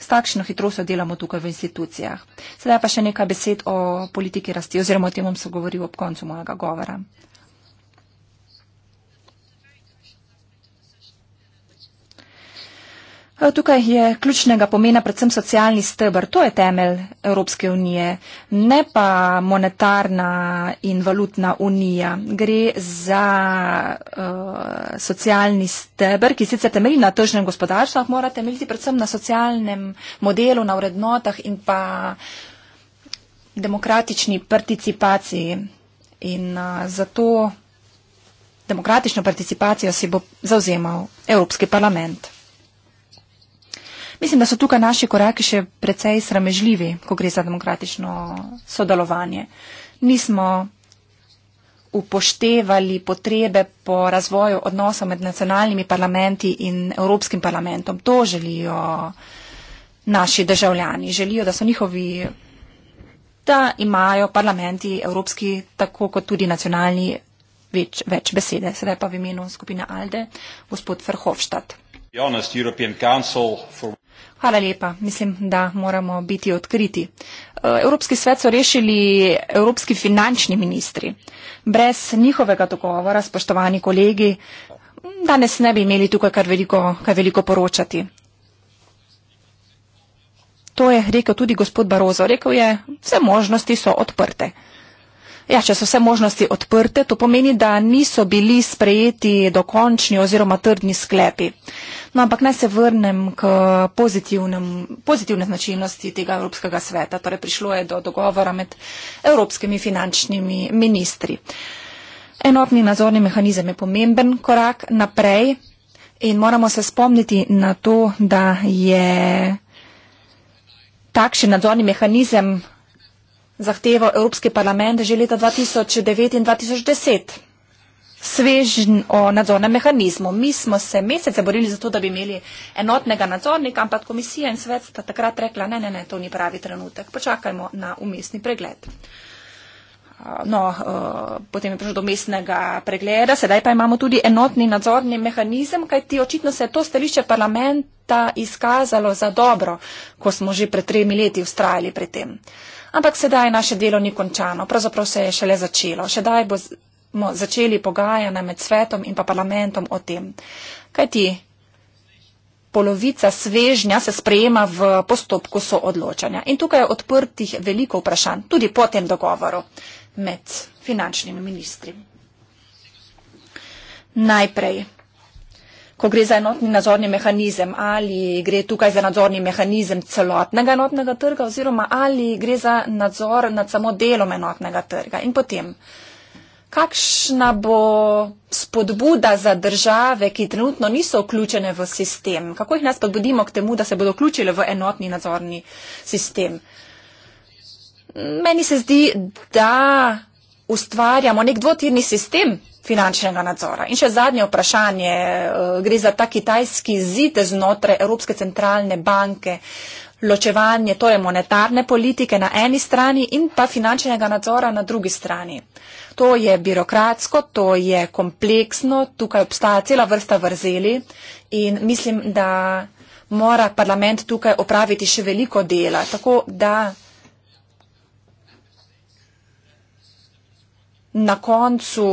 S takšno hitrostjo delamo tukaj v institucijah. Sedaj pa še nekaj besed o politiki rasti oziroma o tem bom se govoril ob koncu mojega govora. Eh, tukaj je ključnega pomena predvsem socialni stebr, to je temelj Evropske unije, ne pa monetarna in valutna unija. Gre za uh, socialni stebr, ki sicer temelji na tržnem gospodarstvu, ampak mora temeljiti predvsem na socialnem modelu, na vrednotah in pa demokratični participaciji. In uh, eh, za to demokratično participacijo si bo zauzemal Evropski parlament. Mislim, da so tukaj naši koraki še precej sramežljivi, ko gre za demokratično sodelovanje. Nismo upoštevali potrebe po razvoju odnosov med nacionalnimi parlamenti in Evropskim parlamentom. To želijo naši državljani. Želijo, da so njihovi, da imajo parlamenti Evropski, tako kot tudi nacionalni, več, več besede. Sedaj pa v imenu skupine Alde, gospod Verhofstadt. Hvala lepa. Mislim, da moramo biti odkriti. E, evropski svet so rešili evropski finančni ministri. Brez njihovega dogovora, spoštovani kolegi, danes ne bi imeli tukaj kar veliko, kar veliko poročati. To je rekel tudi gospod Barozo. Rekel je, vse možnosti so odprte. Ja, če so vse možnosti odprte, to pomeni, da niso bili sprejeti dokončni oziroma trdni sklepi. No, ampak naj se vrnem k pozitivne značilnosti tega Evropskega sveta. Torej, prišlo je do dogovora med evropskimi finančnimi ministri. Enotni nadzorni mehanizem je pomemben korak naprej in moramo se spomniti na to, da je takšen nadzorni mehanizem zahtevo Evropski parlament že leta 2009 in 2010 svežen o nadzornem mehanizmu. Mi smo se mesece borili za to, da bi imeli enotnega nadzornika, ampak komisija in svet sta takrat rekla, ne, ne, ne, to ni pravi trenutek, počakajmo na umestni pregled. No, e, potem je prišlo do mestnega pregleda, sedaj pa imamo tudi enotni nadzorni mehanizem, kajti očitno se je to stališče parlamenta izkazalo za dobro, ko smo že pred tremi leti ustrajali pri tem. Ampak sedaj naše delo ni končano, pravzaprav se je šele začelo. Sedaj bomo začeli pogajanja med svetom in pa parlamentom o tem. Kaj ti? Polovica svežnja se sprejema v postopku soodločanja. In tukaj je odprtih veliko vprašanj, tudi po tem dogovoru med finančnimi ministri. Najprej ko gre za enotni nadzorni mehanizem, ali gre tukaj za nadzorni mehanizem celotnega enotnega trga oziroma ali gre za nadzor nad samo delom enotnega trga. In potem, kakšna bo spodbuda za države, ki trenutno niso vključene v sistem? Kako jih nas spodbudimo k temu, da se bodo vključile v enotni nadzorni sistem? Meni se zdi, da ustvarjamo nek dvotirni sistem finančnega nadzora. In še zadnje vprašanje, eh, gre za ta kitajski zid znotraj Evropske centralne banke, ločevanje torej monetarne politike na eni strani in pa finančnega nadzora na drugi strani. To je birokratsko, to je kompleksno, tukaj obstaja cela vrsta vrzeli in mislim, da mora parlament tukaj opraviti še veliko dela. Tako da na koncu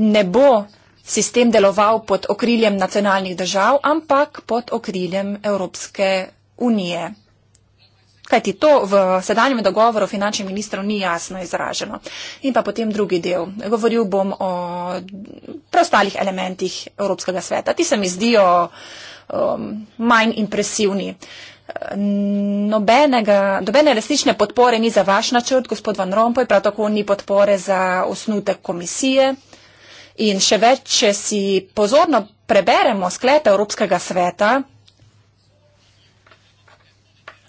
ne bo sistem deloval pod okriljem nacionalnih držav, ampak pod okriljem Evropske unije. Kajti to v sedanjem dogovoru finančnih ministrov ni jasno izraženo. In pa potem drugi del. Govoril bom o preostalih elementih Evropskega sveta. Ti se mi zdijo um, manj impresivni. Nobenega, nobene resnične podpore ni za vaš načrt, gospod Van Rompuy, prav tako ni podpore za osnutek komisije. In še več, če si pozorno preberemo sklepe Evropskega sveta,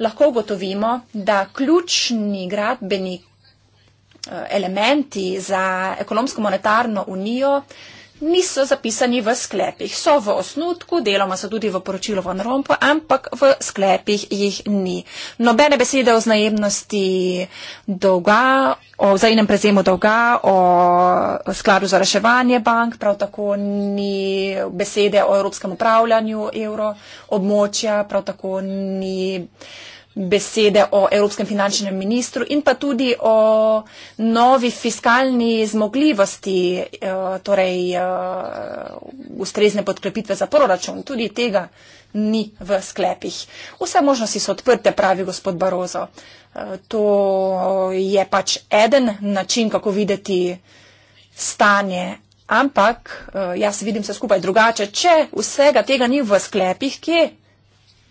lahko ugotovimo, da ključni gradbeni eh, elementi za ekonomsko monetarno unijo niso zapisani v sklepih. So v osnutku, deloma so tudi v poročilu Van Rompu, ampak v sklepih jih ni. Nobene besede o znajemnosti dolga, o vzajemnem prezemu dolga, o skladu za reševanje bank, prav tako ni besede o evropskem upravljanju evro območja, prav tako ni besede o evropskem finančnem ministru in pa tudi o novi fiskalni zmogljivosti, eh, torej eh, ustrezne podkrepitve za proračun. Tudi tega ni v sklepih. Vse možnosti so odprte, pravi gospod Barozo. Eh, to je pač eden način, kako videti stanje. Ampak jaz vidim se skupaj drugače, če vsega tega ni v sklepih, kje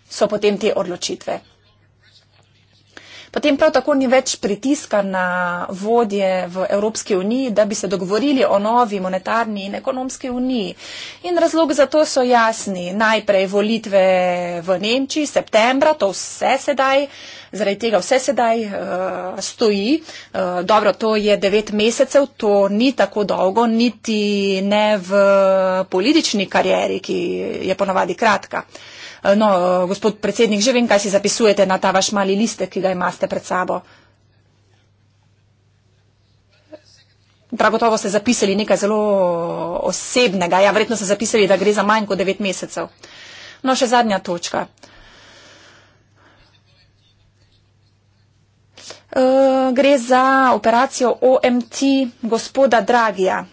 so potem te odločitve. Potem prav tako ni več pritiska na vodje v Evropski uniji, da bi se dogovorili o novi monetarni in ekonomski uniji. In razlog za to so jasni. Najprej volitve v Nemčiji, septembra, to vse sedaj, zaradi tega vse sedaj uh, stoji. Uh, dobro, to je devet mesecev, to ni tako dolgo, niti ne v politični karieri, ki je ponavadi kratka. Uh, Eh, no, eh, gospod predsednik, že vem, kaj si zapisujete na ta vaš mali listek, ki ga imate pred sabo. Pravotovo ste zapisali nekaj zelo osebnega. Ja, verjetno ste zapisali, da gre za manj kot devet mesecev. No, še zadnja točka. Uh, gre za operacijo OMT gospoda Dragija.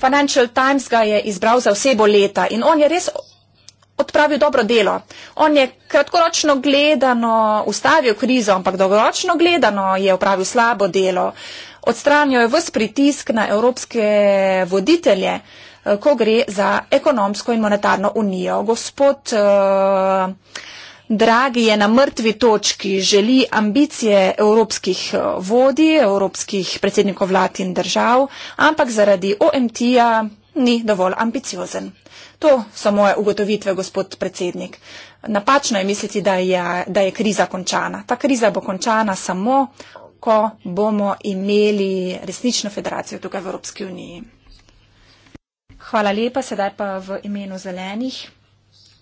Financial Times ga je izbral za osebo leta in on je res odpravil dobro delo. On je kratkoročno gledano ustavil krizo, ampak dolgoročno gledano je opravil slabo delo. Odstranil je vse pritisk na evropske voditelje, eh, ko gre za ekonomsko in monetarno unijo. Gospod uh, Dragi je na mrtvi točki, želi ambicije evropskih eh, vodij, evropskih predsednikov vlad in držav, ampak zaradi OMT-ja ni dovolj ambiciozen. To so moje ugotovitve, gospod predsednik. Napačno je misliti, da je, da je kriza končana. Ta kriza bo končana samo, ko bomo imeli resnično federacijo tukaj v Evropski uniji. Hvala lepa, sedaj pa v imenu zelenih.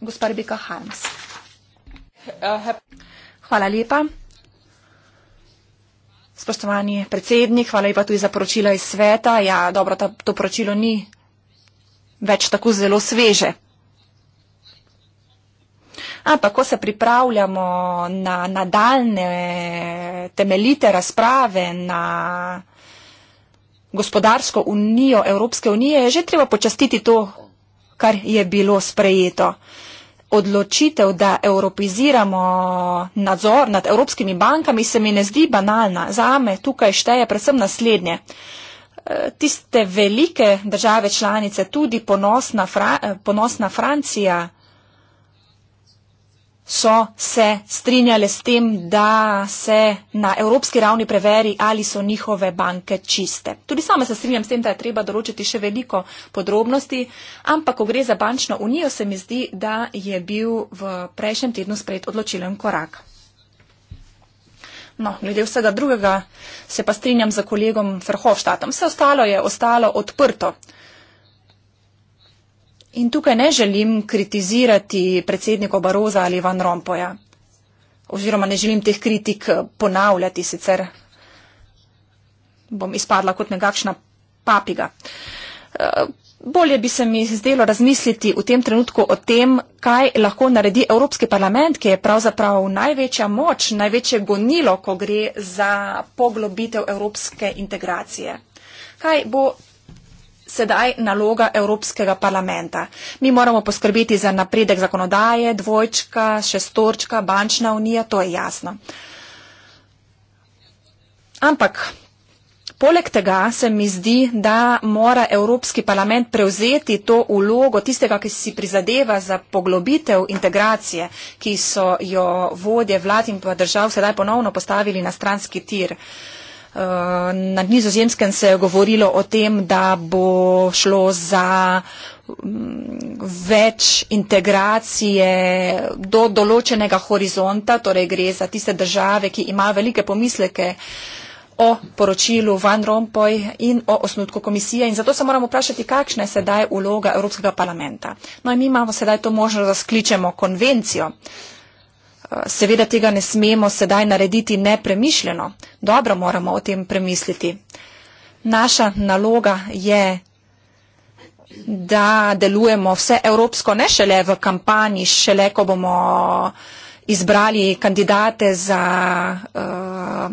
Gospod Rebeka Halms. Hvala lepa. Spoštovani predsednik, hvala lepa tudi za poročilo iz sveta. Ja, dobro, ta, to poročilo ni več tako zelo sveže. Ampak, ko se pripravljamo na nadaljne temeljite razprave na gospodarsko unijo Evropske unije, je že treba počastiti to, kar je bilo sprejeto odločitev, da evropiziramo nadzor nad evropskimi bankami, se mi ne zdi banalna. Zame tukaj šteje predvsem naslednje. E, tiste velike države članice, tudi ponosna, Fra e, ponosna Francija, so se strinjale s tem, da se na evropski ravni preveri, ali so njihove banke čiste. Tudi sama se strinjam s tem, da je treba določiti še veliko podrobnosti, ampak ko gre za bančno unijo, se mi zdi, da je bil v prejšnjem tednu sprejet odločilen korak. No, glede vsega drugega se pa strinjam za kolegom Ferhovštatom. Vse ostalo je ostalo odprto. In tukaj ne želim kritizirati predsednika Baroza ali Van Rompoja, oziroma ne želim teh kritik eh, ponavljati, sicer bom izpadla kot nekakšna papiga. Eh, bolje bi se mi zdelo razmisliti v tem trenutku o tem, kaj lahko naredi Evropski parlament, ki je pravzaprav največja moč, največje gonilo, ko gre za poglobitev evropske integracije. Kaj bo sedaj naloga Evropskega parlamenta. Mi moramo poskrbeti za napredek zakonodaje, dvojčka, šestorčka, bančna unija, to je jasno. Ampak poleg tega se mi zdi, da mora Evropski parlament prevzeti to ulogo tistega, ki si prizadeva za poglobitev integracije, ki so jo vodje vlad in pa držav sedaj ponovno postavili na stranski tir. Uh, Eh, na nizozemskem se je govorilo o tem, da bo šlo za mm, več integracije do določenega horizonta, torej gre za tiste države, ki imajo velike pomisleke o poročilu Van Rompuy in o osnutku komisije. In zato se moramo vprašati, kakšna je sedaj uloga Evropskega parlamenta. No in mi imamo sedaj to možnost, da skličemo konvencijo. Seveda tega ne smemo sedaj narediti nepremišljeno. Dobro moramo o tem premisliti. Naša naloga je, da delujemo vse evropsko, ne šele v kampanji, šele ko bomo izbrali kandidate za uh,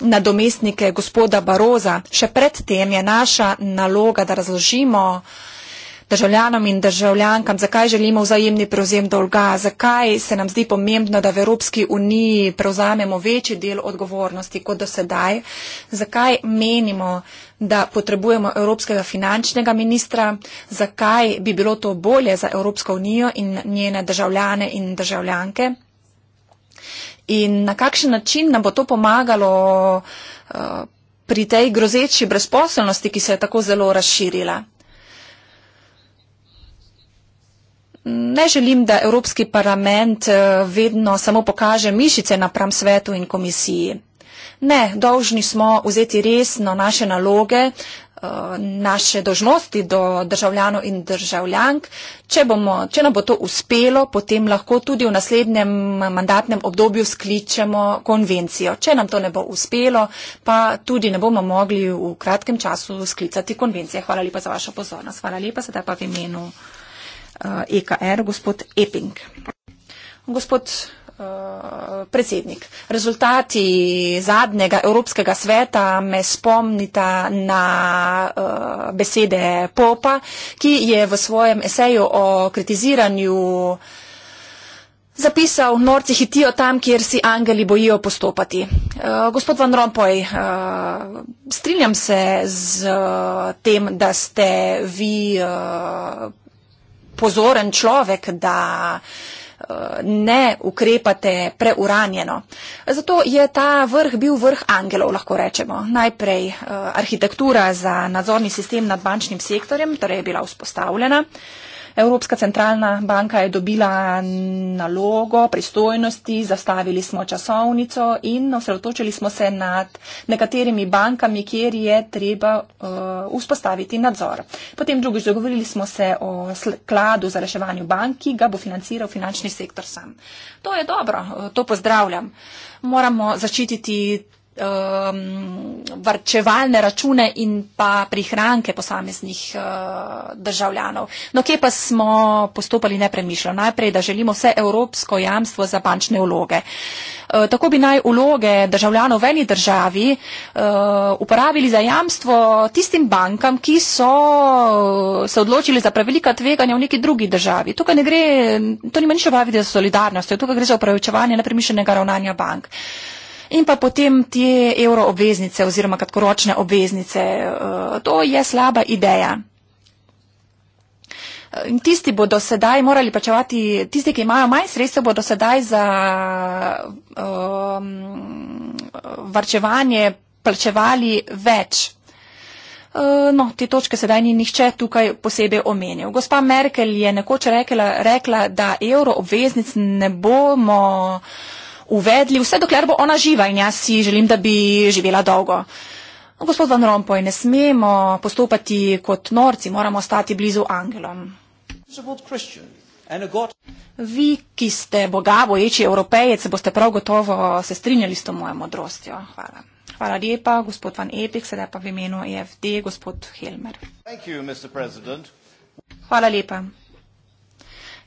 nadomestnike gospoda Baroza. Še predtem je naša naloga, da razložimo, uh, državljanom in državljankam, zakaj želimo vzajemni prevzem dolga, zakaj se nam zdi pomembno, da v Evropski uniji prevzamemo večji del odgovornosti kot do sedaj, zakaj menimo, da potrebujemo evropskega finančnega ministra, zakaj bi bilo to bolje za Evropsko unijo in njene državljane in državljanke. In na kakšen način nam bo to pomagalo eh, pri tej grozeči brezposelnosti, ki se je tako zelo razširila. ne želim, da Evropski parlament eh, vedno samo pokaže mišice napram svetu in komisiji. Ne, dolžni smo vzeti resno naše naloge, eh, naše dožnosti do državljanov in državljank. Če, bomo, če nam bo to uspelo, potem lahko tudi v naslednjem mandatnem obdobju skličemo konvencijo. Če nam to ne bo uspelo, pa tudi ne bomo mogli v kratkem času sklicati konvencije. Hvala lepa za vašo pozornost. Hvala lepa, sedaj pa v imenu uh, eh, EKR, gospod Epping. Gospod uh, predsednik, rezultati zadnjega Evropskega sveta me spomnita na uh, besede Popa, ki je v svojem eseju o kritiziranju zapisal, norci hitijo tam, kjer si angeli bojijo postopati. Uh, gospod Van Rompuy, uh, strinjam se z uh, tem, da ste vi. Uh, pozoren človek, da eh, ne ukrepate preuranjeno. Zato je ta vrh bil vrh angelov, lahko rečemo. Najprej eh, arhitektura za nadzorni sistem nad bančnim sektorjem, torej je bila vzpostavljena. Evropska centralna banka je dobila nalogo, pristojnosti, zastavili smo časovnico in osredotočili smo se nad nekaterimi bankami, kjer je treba uh, vzpostaviti nadzor. Potem drugič dogovorili smo se o skladu za reševanje bank, ki ga bo financiral finančni sektor sam. To je dobro, eh, to pozdravljam. Moramo zaščititi um, varčevalne račune in pa prihranke posameznih uh, državljanov. No, kje pa smo postopali nepremišljeno? Najprej, da želimo vse evropsko jamstvo za bančne vloge. Uh, tako bi naj vloge državljanov v eni državi uh, uporabili za jamstvo tistim bankam, ki so uh, se odločili za prevelika tveganja v neki drugi državi. Tukaj ne gre, to nima nič obaviti za solidarnost, tukaj gre za upravičevanje nepremišljenega ravnanja bank. Uh, in pa potem te euroobveznice oziroma kratkoročne obveznice. Eh, to je slaba ideja. Eh, tisti, morali, tisti, ki imajo manj sredstev, bodo sedaj za um, varčevanje plačevali več. Eh, no, te točke sedaj ni nihče tukaj posebej omenil. Gospa Merkel je nekoč rekla, rekla da evro obveznic ne bomo uh, uvedli, vse dokler bo ona živa in jaz si želim, da bi živela dolgo. Gospod Van Rompuy, ne smemo postopati kot norci, moramo stati blizu angelom. Vi, ki ste boga boječi evropejec, boste prav gotovo se strinjali s to mojo modrostjo. Hvala. Hvala lepa, gospod Van Epik, sedaj pa v imenu EFD, gospod Helmer. Hvala lepa.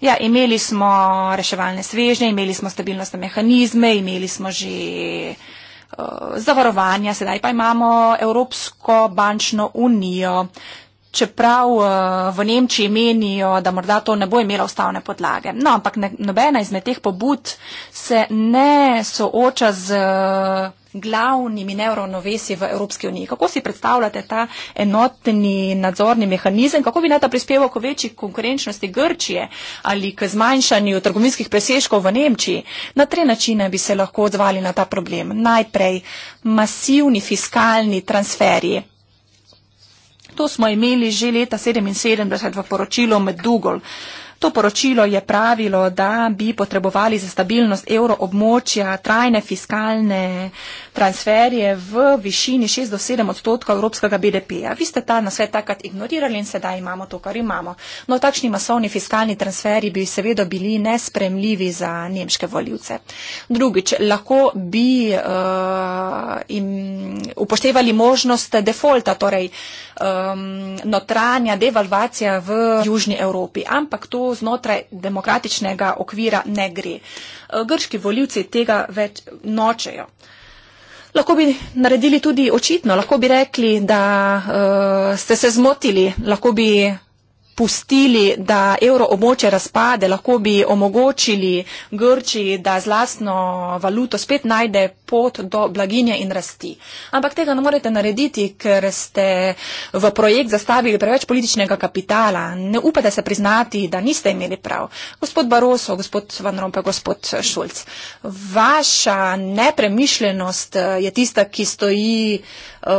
Ja, imeli smo reševalne svežnje, imeli smo stabilnostne mehanizme, imeli smo že uh, zavarovanja, sedaj pa imamo Evropsko bančno unijo. Čeprav uh, v Nemčiji menijo, da morda to ne bo imelo ustavne podlage. No, ampak ne, nobena izmed teh pobud se ne sooča z. Uh, glavnimi neuronovesi v Evropski uniji. Kako si predstavljate ta enotni nadzorni mehanizem, kako bi naj ta prispeval k večji konkurenčnosti Grčije ali k zmanjšanju trgovinskih preseškov v Nemčiji? Na tre načine bi se lahko odzvali na ta problem. Najprej masivni fiskalni transferji. To smo imeli že leta 1977 v poročilu med Dugol. To poročilo je pravilo, da bi potrebovali za stabilnost evro območja trajne fiskalne transferje v višini 6 do 7 odstotkov evropskega BDP-ja. Vi ste ta nasvet takrat ignorirali in sedaj imamo to, kar imamo. No, takšni masovni fiskalni transferji bi seveda bili nespremljivi za nemške voljivce. Drugič, lahko bi uh, im, upoštevali možnost defolta, torej uh, um, notranja devalvacija v Južni Evropi, ampak to znotraj demokratičnega okvira ne gre. Uh, grški voljivci tega več nočejo. Lahko bi naredili tudi očitno, lahko bi rekli, da uh, ste se zmotili, lahko bi pustili, da euroobmoče razpade, lahko bi omogočili Grči, da z lastno valuto spet najde pot do blaginje in rasti. Ampak tega ne morete narediti, ker ste v projekt zastavili preveč političnega kapitala. Ne upate se priznati, da niste imeli prav. Gospod Baroso, gospod Van Rompuy, gospod Šulc, vaša nepremišljenost eh, je tista, ki stoji uh, Eh,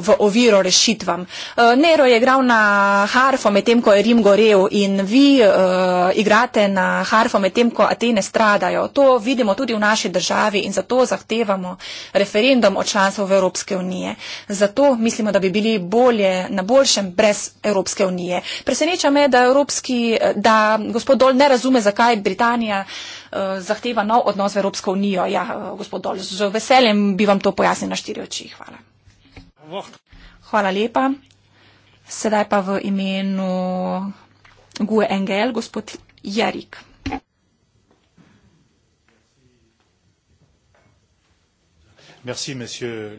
v oviro rešitvam. Eh, Nero je igral na harfo, medtem ko je Rim gorel in vi uh, igrate na harfo, medtem ko Atene stradajo. To vidimo tudi v naši državi in zato zahtevamo referendum o članstvu v Evropske unije. Zato mislimo, da bi bili bolje, na boljšem brez Evropske unije. Preseneča me, da, Evropski, da gospod Dol ne razume, zakaj Britanija zahteva nov odnos v Evropsko unijo. Ja, gospod Dol, z veseljem bi vam to pojasnil na štiri oči. Hvala. Hvala lepa. Sedaj pa v imenu Gue Engel, gospod Jarik. Merci, monsieur.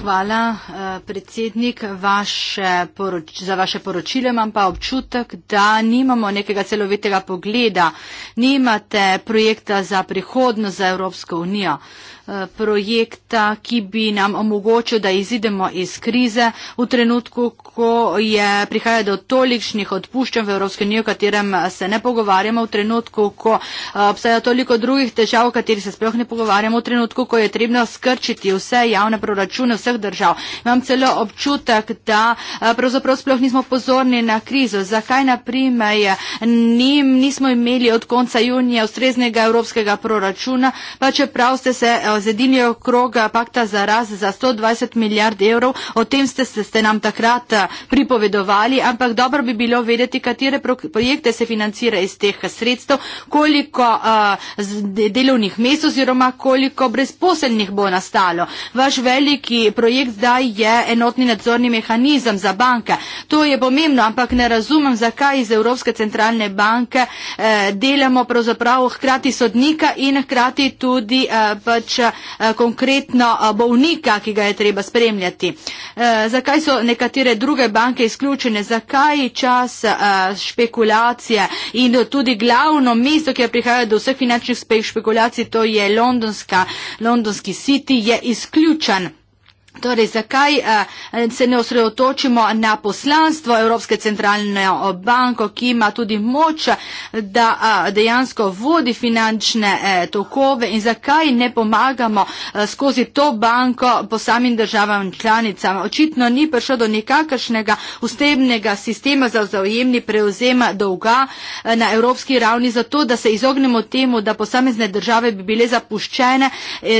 Hvala, eh, predsednik, vaše za vaše poročile imam pa občutek, da nimamo nekega celovitega pogleda, nimate projekta za prihodnost za Evropsko unijo. Eh, projekta, ki bi nam omogočil, da izidemo iz krize v trenutku, ko je prihaja do tolikšnih odpuščen v Evropski uniji, o katerem eh, se ne pogovarjamo v trenutku, ko eh, obstaja toliko drugih težav, o katerih se sploh ne pogovarjamo v trenutku, ko je trebno skrčiti vse javne proračune vseh držav. Imam celo občutek, da pravzaprav sploh nismo pozorni na krizo. Zakaj naprimer nismo imeli od konca junija ustreznega evropskega proračuna, pa čeprav ste se zedinjev kroga pakta za raz za 120 milijard evrov, o tem ste, ste nam takrat eh, pripovedovali, ampak dobro bi bilo vedeti, katere projekte se financira iz teh sredstev, koliko uh, delovnih mest oziroma koliko brezposelnih bo nastalo. Vaš veliki projekt zdaj je enotni nadzorni mehanizem za banke. To je pomembno, ampak ne razumem, zakaj iz Evropske centralne banke uh, delamo pravzaprav hkrati sodnika in hkrati tudi uh, pač uh, Eh, konkretno eh, bolnika, ki ga je treba spremljati. Eh, zakaj so nekatere druge banke izključene, zakaj čas špekulacije in tudi glavno mesto, ki je prihajalo do vseh finančnih špekulacij, to je londonska, londonski city, je izključen. Torej, zakaj eh, se ne osredotočimo na poslanstvo Evropske centralne banke, ki ima tudi moč, da eh, dejansko vodi finančne eh, tokove in zakaj ne pomagamo skozi to banko po samim državam članicam? Očitno ni prišlo do nekakršnega ustebnega sistema za vzajemni prevzem dolga na evropski ravni, zato da se izognemo temu, da posamezne države bi bile zapuščene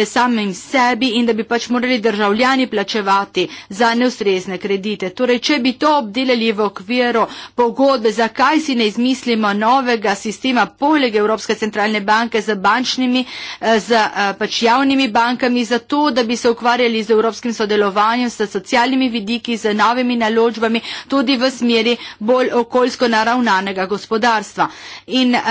samim sebi in da bi pač morali državljani plačevati za neustrezne kredite. Torej, če bi to obdelali v okviru pogodbe, zakaj si ne izmislimo novega sistema poleg Evropske centralne banke z bančnimi, eh, z eh, pač javnimi bankami, zato da bi se ukvarjali z evropskim sodelovanjem, s socialnimi vidiki, z novimi naložbami, tudi v smeri bolj okoljsko naravnanega gospodarstva. In eh,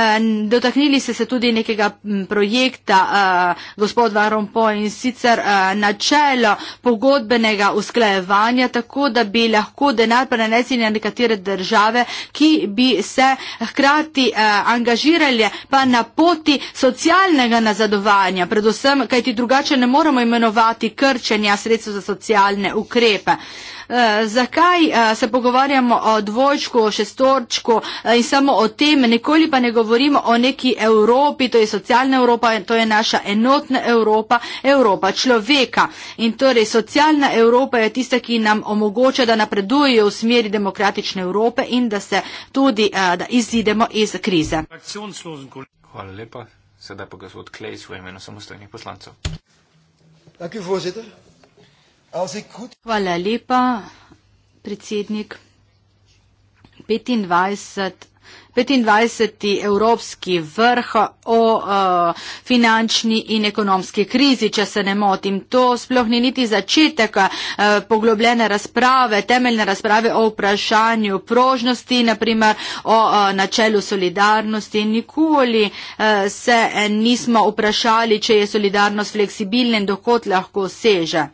dotaknili ste se tudi nekega projekta, eh, gospod Varompo, in sicer eh, načelo pogodbe, pogodbenega usklajevanja, tako da bi lahko denar prenesli na nekatere države, ki bi se hkrati eh, angažirali pa na poti socialnega nazadovanja, predvsem, kajti drugače ne moremo imenovati krčenja sredstva za socialne ukrepe. Eh, zakaj uh, se pogovarjamo o dvojčku, o šestorčku uh, in samo o tem, nikoli pa ne govorimo o neki Evropi, to je socialna Evropa, to je naša enotna Evropa, Evropa človeka. In torej socialna Evropa je tista, ki nam omogoča, da napredujejo v smeri demokratične Evrope in da se tudi, uh, da izidemo iz krize. Hvala lepa. Sedaj pa gospod Klejs v imenu samostojnih poslancev. Tako je, voziter. Hvala lepa, predsednik. 25. 25. evropski vrh o uh, finančni in ekonomski krizi, če se ne motim. To sploh ni niti začetek uh, poglobljene razprave, temeljne razprave o vprašanju prožnosti, naprimer o uh, načelu solidarnosti. Nikoli uh, se nismo vprašali, če je solidarnost fleksibilna in dokot lahko seže.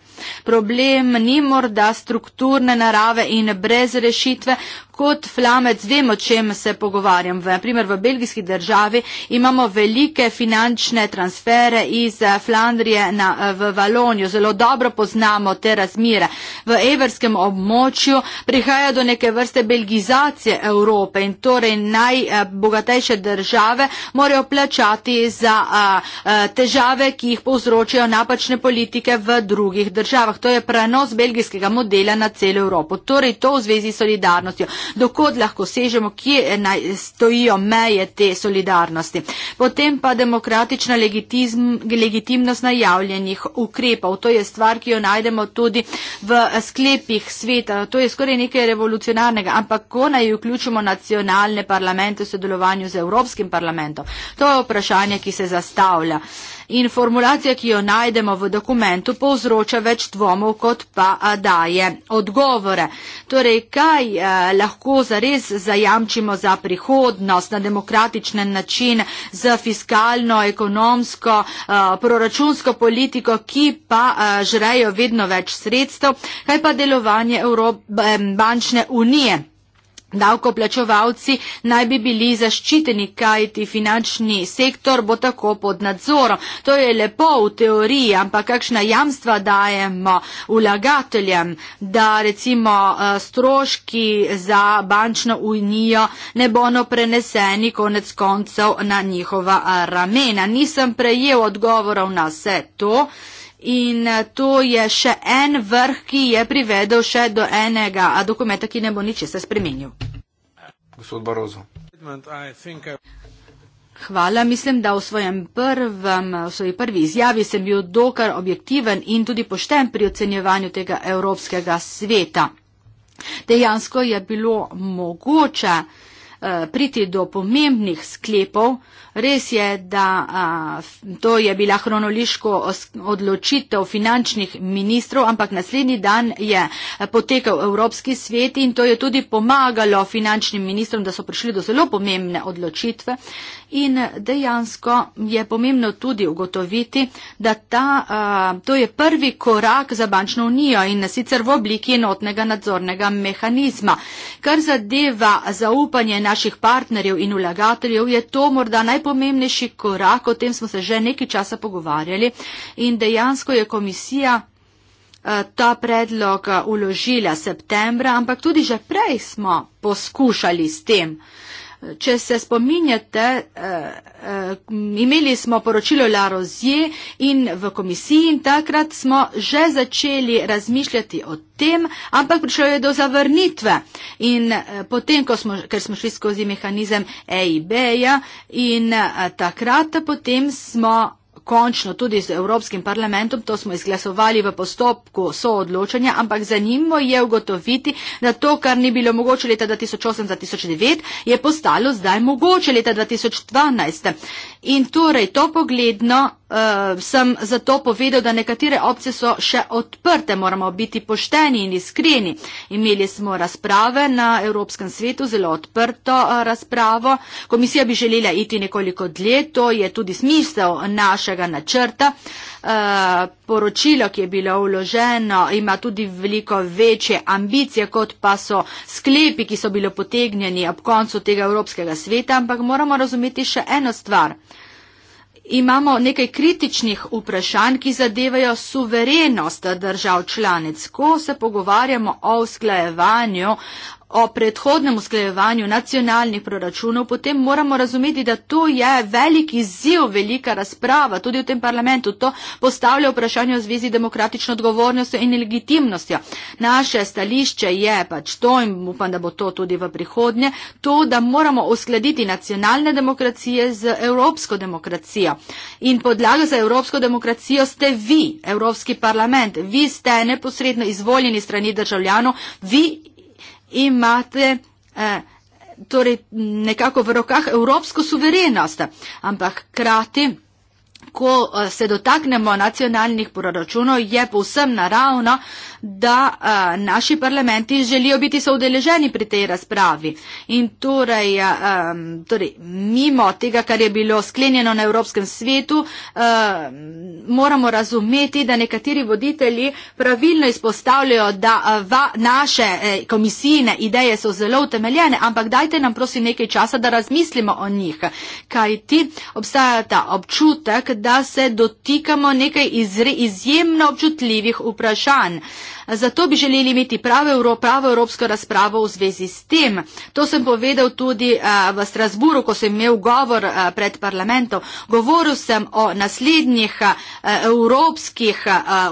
Problem ni morda strukturne narave in brez rešitve, kot flamec vem, o čem se pogovarjam. V, naprimer, v belgijski državi imamo velike finančne transfere iz eh, Flandrije na, eh, v Valonijo. Zelo dobro poznamo te razmire. V evrskem območju prihaja do neke vrste belgizacije Evrope in torej najbogatejše eh, države morajo plačati za a, a, težave, ki jih povzročajo napačne politike v drugih državah. To je prenos belgijskega modela na celo Evropo. Torej, to v zvezi s solidarnostjo dokod lahko sežemo, kje naj stojijo meje te solidarnosti. Potem pa demokratična legitizm, legitimnost najavljenih ukrepov. To je stvar, ki jo najdemo tudi v sklepih sveta. To je skoraj nekaj revolucionarnega, ampak ko naj vključimo nacionalne parlamente v sodelovanju z Evropskim parlamentom? To je vprašanje, ki se zastavlja in formulacija, ki jo najdemo v dokumentu, povzroča več dvomov, kot pa daje odgovore. Torej, kaj eh, lahko zares zajamčimo za prihodnost na demokratičen način z fiskalno, ekonomsko, eh, proračunsko politiko, ki pa eh, žrejo vedno več sredstev, kaj pa delovanje Evrop eh, bančne unije? Davkoplačevalci naj bi bili zaščiteni, kajti finančni sektor bo tako pod nadzorom. To je lepo v teoriji, ampak kakšna jamstva dajemo vlagateljem, da recimo eh, stroški za bančno unijo ne bono preneseni konec koncev na njihova ramena. Nisem prejel odgovorov na vse to. In eh, to je še en vrh, ki je privedel še do enega dokumenta, ki ne bo ničesar spremenil. Gospod Barozo. Hvala, mislim, da v svojem prvem, v svoji prvi izjavi sem bil dokar objektiven in tudi pošten pri ocenjevanju tega evropskega sveta. Dejansko je bilo mogoče eh, priti do pomembnih sklepov, Res je, da a, to je bila kronoliško odločitev finančnih ministrov, ampak naslednji dan je potekal Evropski svet in to je tudi pomagalo finančnim ministrom, da so prišli do zelo pomembne odločitve. In dejansko je pomembno tudi ugotoviti, da ta, a, to je prvi korak za bančno unijo in sicer v obliki enotnega nadzornega mehanizma. Kar zadeva zaupanje naših partnerjev in vlagateljev, je to morda najprej najpomembnejši korak, o tem smo se že nekaj časa pogovarjali in dejansko je komisija eh, ta predlog eh, uložila septembra, ampak tudi že prej smo poskušali s tem uh, Če se spominjate, eh, eh, imeli smo poročilo La Rozie in v komisiji in takrat smo že začeli razmišljati o tem, ampak prišlo je do zavrnitve. In eh, potem, smo, ker smo šli skozi mehanizem EIB-ja in takrat potem smo končno tudi z Evropskim parlamentom, to smo izglasovali v postopku soodločanja, ampak zanimivo je ugotoviti, da to, kar ni bilo mogoče leta 2008-2009, je postalo zdaj mogoče leta 2012. In torej to pogledno uh, sem zato povedal, da nekatere opcije so še odprte, moramo biti pošteni in iskreni. Imeli smo razprave na Evropskem svetu, zelo odprto uh, razpravo. Komisija bi želela iti nekoliko dlje, to je tudi smisel našega načrta. Uh, poročilo, ki je bilo uloženo, ima tudi veliko večje ambicije, kot pa so sklepi, ki so bili potegnjeni ob koncu tega Evropskega sveta, ampak moramo razumeti še eno stvar imamo nekaj kritičnih vprašanj, ki zadevajo suverenost držav članic, ko se pogovarjamo o usklajevanju o predhodnem usklejevanju nacionalnih proračunov, potem moramo razumeti, da to je velik izziv, velika razprava tudi v tem parlamentu. To postavlja vprašanje v zvezi demokratično odgovornostjo in legitimnostjo. Naše stališče je pač to in upam, da bo to tudi v prihodnje, to, da moramo uskladiti nacionalne demokracije z evropsko demokracijo. In podlaga za evropsko demokracijo ste vi, Evropski parlament. Vi ste neposredno izvoljeni strani državljanov, vi imate eh, torej nekako v rokah evropsko suverenost, ampak krati ko eh, se dotaknemo nacionalnih proračunov, je povsem naravno, da eh, naši parlamenti želijo biti soudeleženi pri tej razpravi. In torej, eh, torej mimo tega, kar je bilo sklenjeno na Evropskem svetu, moramo razumeti, da nekateri voditelji pravilno izpostavljajo, da va, naše komisijne ideje so zelo utemeljene, ampak dajte nam prosim nekaj časa, da razmislimo o njih. Kaj ti obstajata občutek, da se dotikamo nekaj izre, izjemno občutljivih vprašanj. Zato bi želeli imeti pravo, pravo evropsko razpravo v zvezi s tem. To sem povedal tudi eh, v Strasburu, ko sem imel govor eh, pred parlamentom. Govoril sem o naslednjih eh, evropskih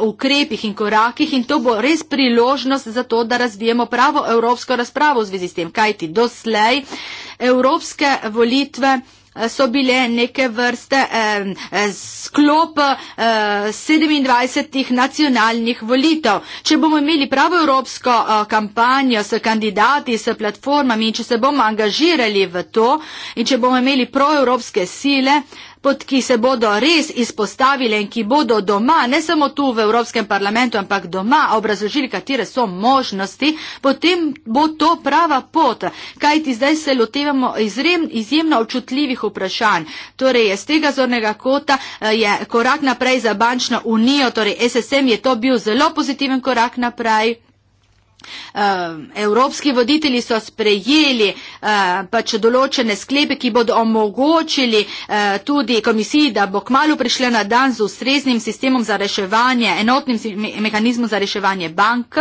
ukrepih in korakih in to bo res priložnost za to, da razvijemo pravo evropsko razpravo v zvezi s tem. Kajti doslej evropske volitve so bile neke vrste sklop 27 nacionalnih volitev. Če bomo imeli pravo evropsko eh, kampanjo s kandidati, s platformami in če se bomo angažirali v to in če bomo imeli proevropske sile, pod ki se bodo res izpostavile in ki bodo doma, ne samo tu v Evropskem parlamentu, ampak doma obrazložili, katere so možnosti, potem bo to prava pot. Kaj ti zdaj se lotevamo izrem, izjemno občutljivih vprašanj. Torej, z tega zornega kota eh, je korak naprej za bančno unijo, torej SSM je to bil zelo pozitiven korak naprej. Eh, evropski voditelji so sprejeli eh, pač določene sklepe, ki bodo omogočili eh, tudi komisiji, da bo kmalo prišla na dan z ustreznim sistemom za reševanje, enotnim mehanizmom za reševanje bank.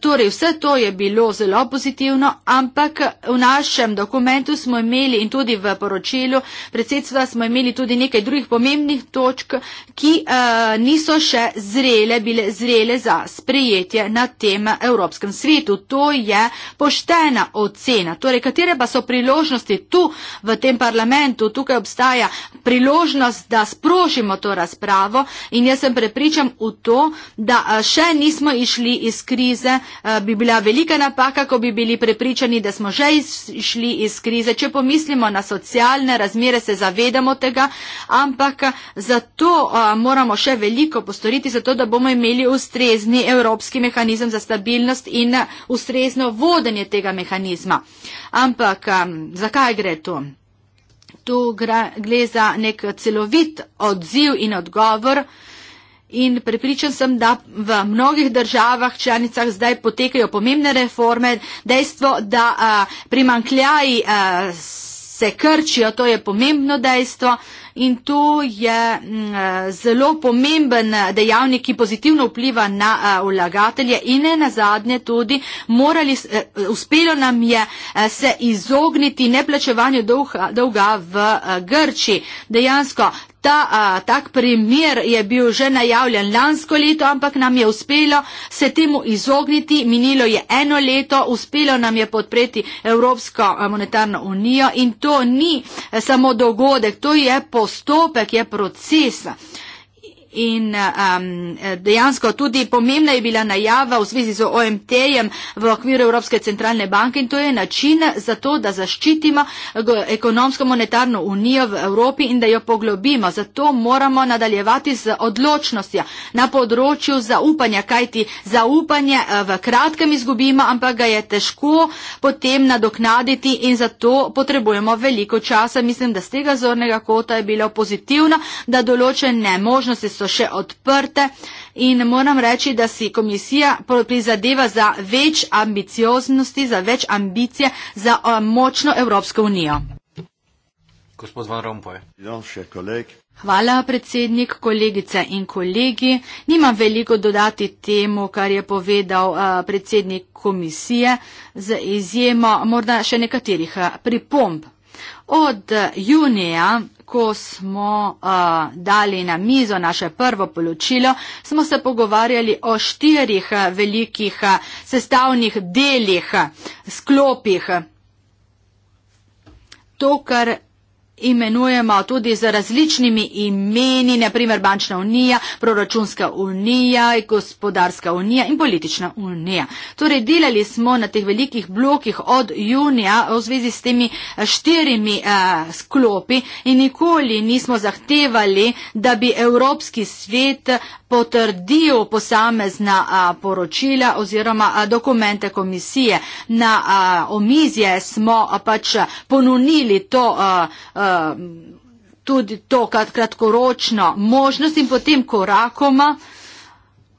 Torej, vse to je bilo zelo pozitivno, ampak v našem dokumentu smo imeli in tudi v poročilu predsedstva smo imeli tudi nekaj drugih pomembnih točk, ki uh, niso še zrele, bile zrele za sprejetje na tem Evropske kmetijskem svetu. To je poštena ocena. Torej, katere pa so priložnosti tu v tem parlamentu? Tukaj obstaja priložnost, da sprožimo to razpravo in jaz sem prepričan v to, da še nismo išli iz krize. Bi bila velika napaka, ko bi bili prepričani, da smo že išli iz krize. Če pomislimo na socialne razmere, se zavedamo tega, ampak zato moramo še veliko postoriti, zato da bomo imeli ustrezni evropski mehanizem za stabilnost in ustrezno vodenje tega mehanizma. Ampak zakaj gre to? Tu gre za nek celovit odziv in odgovor in prepričan sem, da v mnogih državah članicah zdaj potekajo pomembne reforme. Dejstvo, da eh, primankljaji eh, se krčijo, to je pomembno dejstvo in to je mm, eh, zelo pomemben eh, dejavnik, ki pozitivno vpliva na eh, vlagatelje in ne na zadnje tudi morali, uspelo nam je se izogniti neplačevanju dolga v Grči. Dejansko Ta, a, tak primer je bil že najavljen lansko leto, ampak nam je uspelo se temu izogniti. Minilo je eno leto, uspelo nam je podpreti Evropsko monetarno unijo in to ni samo dogodek, to je postopek, je proces in um, dejansko tudi pomembna je bila najava v zvezi z OMT-jem v okviru Evropske centralne banke in to je način za to, da zaščitimo ekonomsko monetarno unijo v Evropi in da jo poglobimo. Zato moramo nadaljevati z odločnostjo na področju zaupanja, kajti zaupanje eh, v kratkem izgubimo, ampak ga je težko potem nadoknaditi in zato potrebujemo veliko časa. Mislim, da z tega zornega kota je bilo pozitivno, da določene možnosti so še odprte in moram reči, da si komisija prizadeva za več ambicioznosti, za več ambicije za eh, močno Evropsko unijo. Gospod Van Rompuy. Hvala, predsednik, kolegice in kolegi. Nimam veliko dodati temu, kar je povedal uh, predsednik komisije, z izjemo morda še nekaterih uh, pripomb. Od junija ko smo uh, dali na mizo naše prvo poločilo, smo se pogovarjali o štirih velikih sestavnih delih, sklopih. To, kar imenujemo tudi z različnimi imeni, naprimer bančna unija, proračunska unija, gospodarska unija in politična unija. Torej, delali smo na teh velikih blokih od junija v zvezi s temi eh, štirimi eh, sklopi in nikoli nismo zahtevali, da bi Evropski svet eh, potrdil posamezna a, eh, poročila oziroma a, dokumente komisije. Na a, omizje smo a, pač ponunili to a, a, Um, tudi to kratkoročno možnost in potem korakoma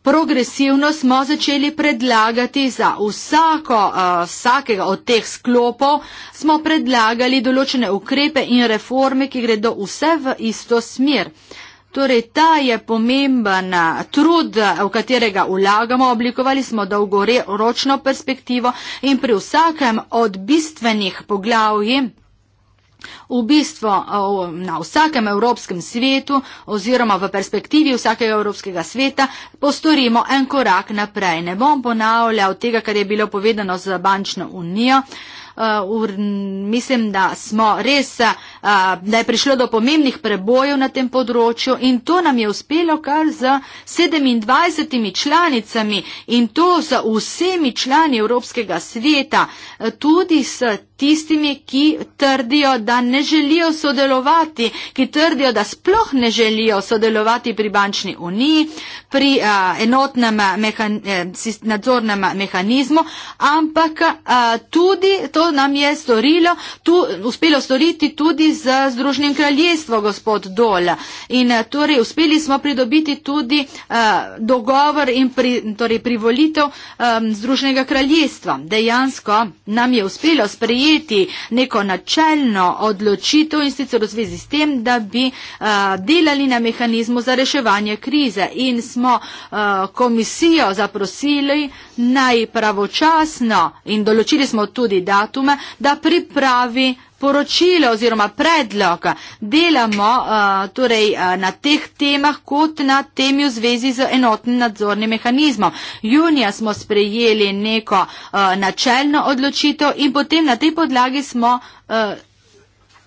progresivno smo začeli predlagati za vsako, uh, vsakega od teh sklopov, smo predlagali določene ukrepe in reforme, ki gredo vse v isto smer. Torej, ta je pomemben uh, trud, uh, v katerega vlagamo, oblikovali smo dolgoročno perspektivo in pri vsakem od bistvenih poglavji V bistvu na vsakem evropskem svetu oziroma v perspektivi vsakega evropskega sveta postorimo en korak naprej. Ne bom ponavljal tega, kar je bilo povedano za bančno unijo. Uh, ur, mislim, da, smo res, uh, da je prišlo do pomembnih prebojev na tem področju in to nam je uspelo kar z 27 članicami in to z vsemi člani Evropskega sveta, tudi s tistimi, ki trdijo, da ne želijo sodelovati, ki trdijo, da sploh ne želijo sodelovati pri bančni uniji, pri a, enotnem mehan, a, nadzornem mehanizmu, ampak a, tudi to nam je storilo, tu, uspelo storiti tudi z Združenim kraljestvom, gospod Dol. In a, torej uspeli smo pridobiti tudi a, dogovor in pri, torej, privolitev Združenega kraljestva. Dejansko nam je uspelo sprejeti sprejeti neko načelno odločitev in sicer v zvezi s tem, da bi a, eh, delali na mehanizmu za reševanje krize in smo a, eh, komisijo zaprosili najpravočasno in določili smo tudi datume, da pripravi poročilo oziroma predlog delamo uh, torej, uh, na teh temah kot na temi v zvezi z enotnim nadzornim mehanizmom. Junija smo sprejeli neko uh, načelno odločitev in potem na tej podlagi smo. Uh,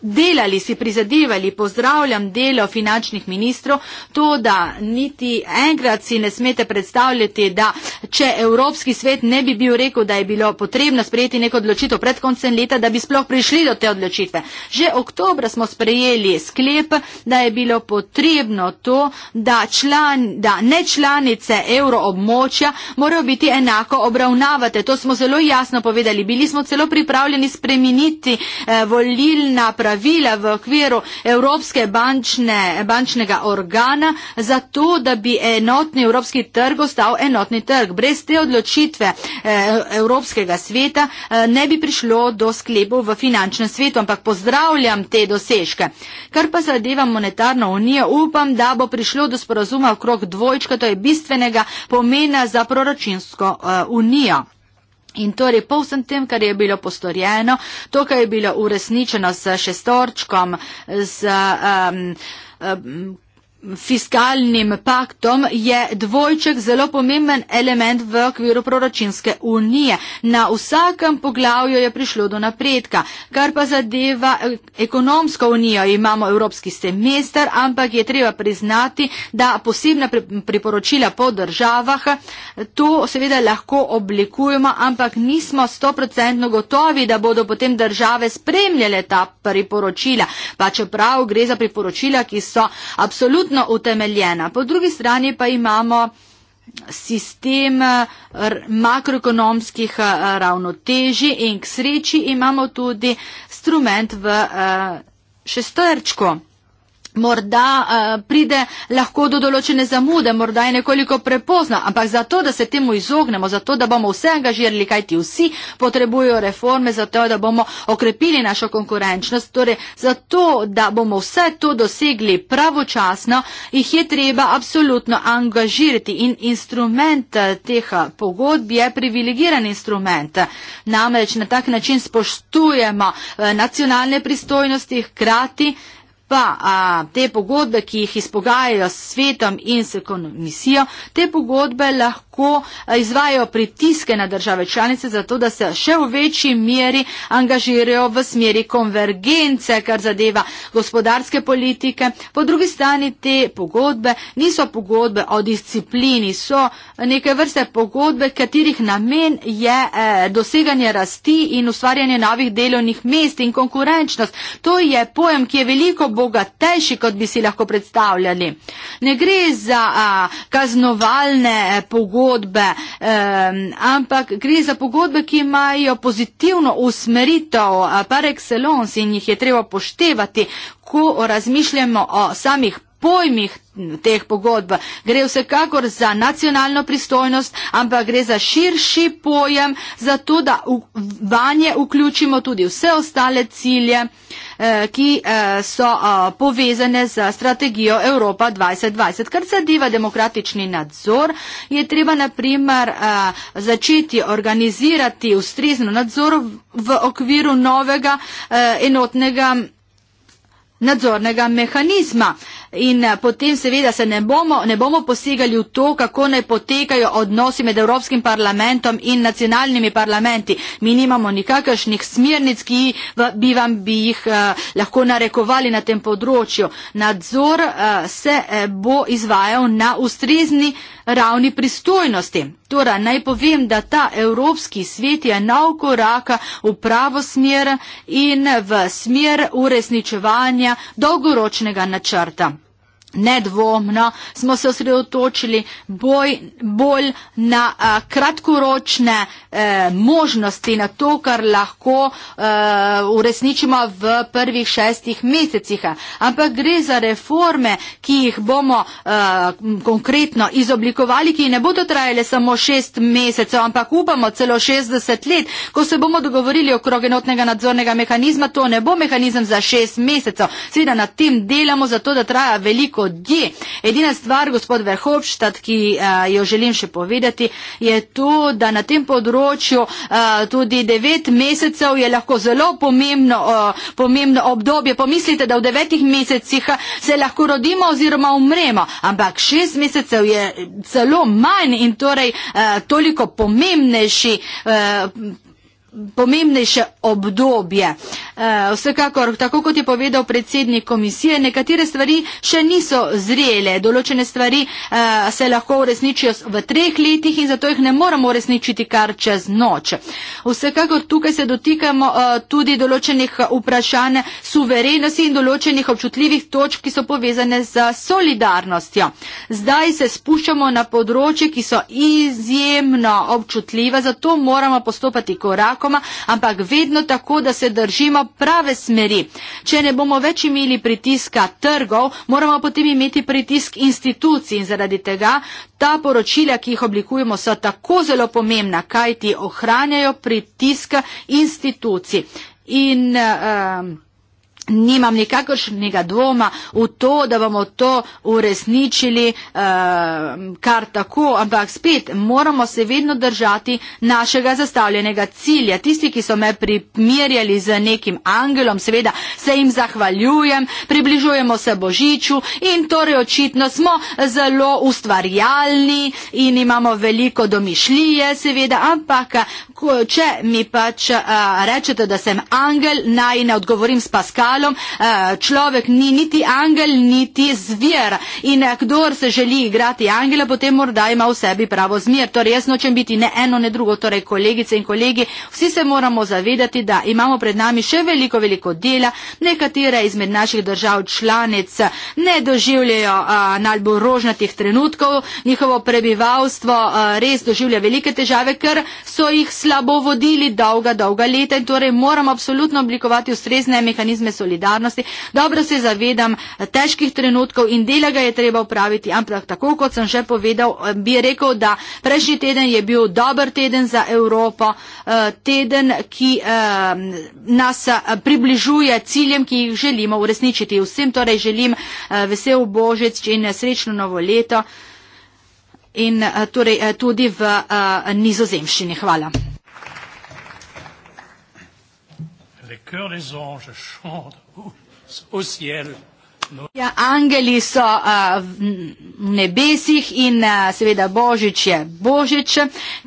delali, si prizadevali, pozdravljam delo finančnih ministrov, to, da niti enkrat si ne smete predstavljati, da če Evropski svet ne bi bil rekel, da je bilo potrebno sprejeti neko odločitev pred koncem leta, da bi sploh prišli do te odločitve. Že oktobra smo sprejeli sklep, da je bilo potrebno to, da, član, da ne članice euroobmočja morajo biti enako obravnavate. To smo zelo jasno povedali. Bili smo celo pripravljeni spremeniti eh, volilna pravila pravila v okviru Evropske bančne, bančnega organa za to, da bi enotni evropski trg ostal enotni trg. Brez te odločitve eh, Evropskega sveta eh, ne bi prišlo do sklepov v finančnem svetu, ampak pozdravljam te dosežke. Kar pa zadeva monetarno unijo, upam, da bo prišlo do sporazuma okrog dvojčka, to je bistvenega pomena za proračunsko eh, unijo. In torej, po vsem tem, kar je bilo postorjeno, to, kar je bilo uresničeno s šestorčkom, z. Um, um, fiskalnim paktom je dvojček zelo pomemben element v okviru proračunske unije. Na vsakem poglavju je prišlo do napredka. Kar pa zadeva eh, ekonomsko unijo, imamo evropski semester, ampak je treba priznati, da posebna priporočila po državah, eh, to seveda lahko oblikujemo, ampak nismo 100% gotovi, da bodo potem države spremljale ta priporočila, pa čeprav gre za priporočila, ki so absolutno absolutno utemeljena. Po drugi strani pa imamo sistem eh, makroekonomskih eh, ravnoteži in k sreči imamo tudi instrument v eh, šestorčku morda uh, pride lahko do določene zamude, morda je nekoliko prepozna, ampak zato, da se temu izognemo, zato, da bomo vse angažirali, kajti vsi potrebujo reforme, zato, da bomo okrepili našo konkurenčnost, torej zato, da bomo vse to dosegli pravočasno, jih je treba absolutno angažirati in instrument eh, teh eh, pogodb je privilegiran instrument. Namreč na tak način spoštujemo uh, nacionalne pristojnosti, hkrati. Uh, pa a, te pogodbe, ki jih izpogajajo s svetom in s komisijo, te pogodbe lahko izvajo pritiske na države članice, zato da se še v večji meri angažirajo v smeri konvergence, kar zadeva gospodarske politike. Po drugi strani te pogodbe niso pogodbe o disciplini, so neke vrste pogodbe, katerih namen je e, doseganje rasti in ustvarjanje novih delovnih mest in konkurenčnost. To je pojem, ki je veliko bogatejši, kot bi si lahko predstavljali. Ne gre za a, kaznovalne e, pogodbe, e, ampak gre za pogodbe, ki imajo pozitivno usmeritev a, par excellence in jih je treba poštevati, ko razmišljamo o samih pojmih teh pogodb. Gre vsekakor za nacionalno pristojnost, ampak gre za širši pojem, zato da v, vanje vključimo tudi vse ostale cilje, eh, ki eh, so eh, povezane z strategijo Evropa 2020. Kar zadeva demokratični nadzor, je treba naprimer eh, začeti organizirati ustrezno nadzor v, v okviru novega eh, enotnega nadzornega mehanizma. Eh, in eh, potem seveda se ne bomo, ne bomo posegali v to, kako naj potekajo odnosi med Evropskim parlamentom in nacionalnimi parlamenti. Mi nimamo nikakršnih smernic, ki bi vam bi jih eh, lahko narekovali na tem področju. Nadzor eh, se eh, bo izvajal na ustrezni ravni pristojnosti. Torej, naj povem, da ta Evropski svet je nov korak v pravo smer in v smer uresničevanja dolgoročnega načrta. Nedvomno smo se osredotočili bolj, bolj na a, eh, kratkoročne e, možnosti, na to, kar lahko e, uresničimo v prvih šestih mesecih. Ampak gre za reforme, ki jih bomo e, konkretno izoblikovali, ki ne bodo trajale samo šest mesecev, ampak upamo celo 60 let. Ko se bomo dogovorili okrog enotnega nadzornega mehanizma, to ne bo mehanizem za šest mesecev. Sveda nad tem delamo, zato da traja veliko kje. Edina stvar, gospod Verhofstadt, ki uh, jo želim še povedati, je to, da na tem področju uh, tudi devet mesecev je lahko zelo pomembno, uh, pomembno obdobje. Pomislite, da v devetih mesecih se lahko rodimo oziroma umremo, ampak šest mesecev je celo manj in torej uh, toliko pomembnejši. Uh, pomembnejše obdobje. Eh, vsekakor, tako kot je povedal predsednik komisije, nekatere stvari še niso zrele, določene stvari eh, se lahko uresničijo v treh letih in zato jih ne moramo uresničiti kar čez noč. Vsekakor tukaj se dotikamo eh, tudi določenih vprašanj suverenosti in določenih občutljivih točk, ki so povezane z solidarnostjo. Zdaj se spuščamo na področje, ki so izjemno občutljiva, zato moramo postopati korak zakoma, ampak vedno tako, da se držimo prave smeri. Če ne bomo več imeli pritiska trgov, moramo potem imeti pritisk institucij in zaradi tega ta poročila, ki jih oblikujemo, so tako zelo pomembna, kaj ti ohranjajo pritisk institucij. In, um, nimam nikakršnega dvoma v to, da bomo to uresničili eh, kar tako, ampak spet moramo se vedno držati našega zastavljenega cilja. Tisti, ki so me primerjali z nekim angelom, seveda se jim zahvaljujem, približujemo se Božiču in torej očitno smo zelo ustvarjalni in imamo veliko domišljije, seveda, ampak če mi pač a, eh, rečete, da sem angel, naj ne odgovorim s Paskalom, a, eh, človek ni niti angel, niti zver. In eh, kdor se želi igrati angela, potem morda ima v sebi pravo zmer. Torej, jaz nočem biti ne eno, ne drugo, torej kolegice in kolegi, vsi se moramo zavedati, da imamo pred nami še veliko, veliko dela. Nekatere izmed naših držav članic ne doživljajo najbolj rožnatih trenutkov, njihovo prebivalstvo a, res doživlja velike težave, ker so jih slabo slabo vodili dolga, dolga leta in torej moramo absolutno oblikovati ustrezne mehanizme solidarnosti. Dobro se zavedam eh, težkih trenutkov in dela ga je treba upraviti, ampak tako kot sem že povedal, eh, bi rekel, da prejšnji teden je bil dober teden za Evropo, eh, teden, ki nas približuje ciljem, ki jih želimo uresničiti. Vsem torej želim vesel božec in srečno novo leto. In torej tudi v uh, nizozemščini. Hvala. chœur des anges chante au ciel. Ja, angeli so uh, v nebesih in uh, seveda Božič je Božič.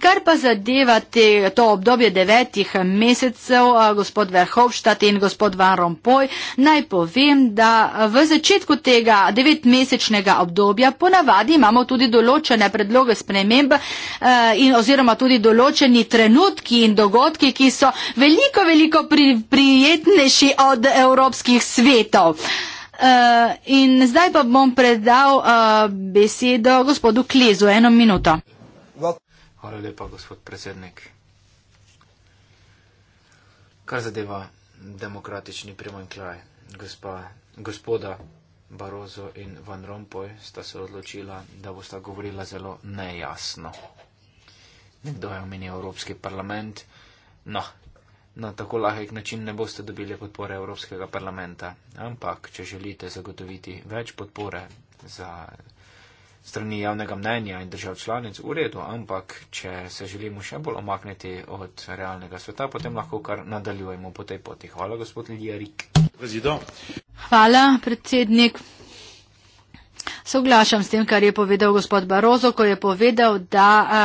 Kar pa zadeva te, to obdobje devetih mesecev, uh, gospod Verhofstadt in gospod Van Rompuy, naj povem, da v začetku tega devetmesečnega obdobja ponavadi imamo tudi določene predloge sprememb uh, in oziroma tudi določeni trenutki in dogodki, ki so veliko, veliko pri, prijetnejši od evropskih svetov. Eh, in zdaj pa bom predal uh, besedo gospodu Klezu. Eno minuto. Hvala lepa, gospod predsednik. Kar zadeva demokratični primankljaj, gospa, gospoda Barozo in Van Rompuy sta se odločila, da bosta govorila zelo nejasno. Nekdo je omenil Evropski parlament. No, na tako lahek način ne boste dobili podpore Evropskega parlamenta. Ampak, če želite zagotoviti več podpore za strani javnega mnenja in držav članic, v redu, ampak če se želimo še bolj omakniti od realnega sveta, potem lahko kar nadaljujemo po tej poti. Hvala, gospod Lidija Rik. Hvala, predsednik. Soglašam s tem, kar je povedal gospod Barozo, ko je povedal, da a,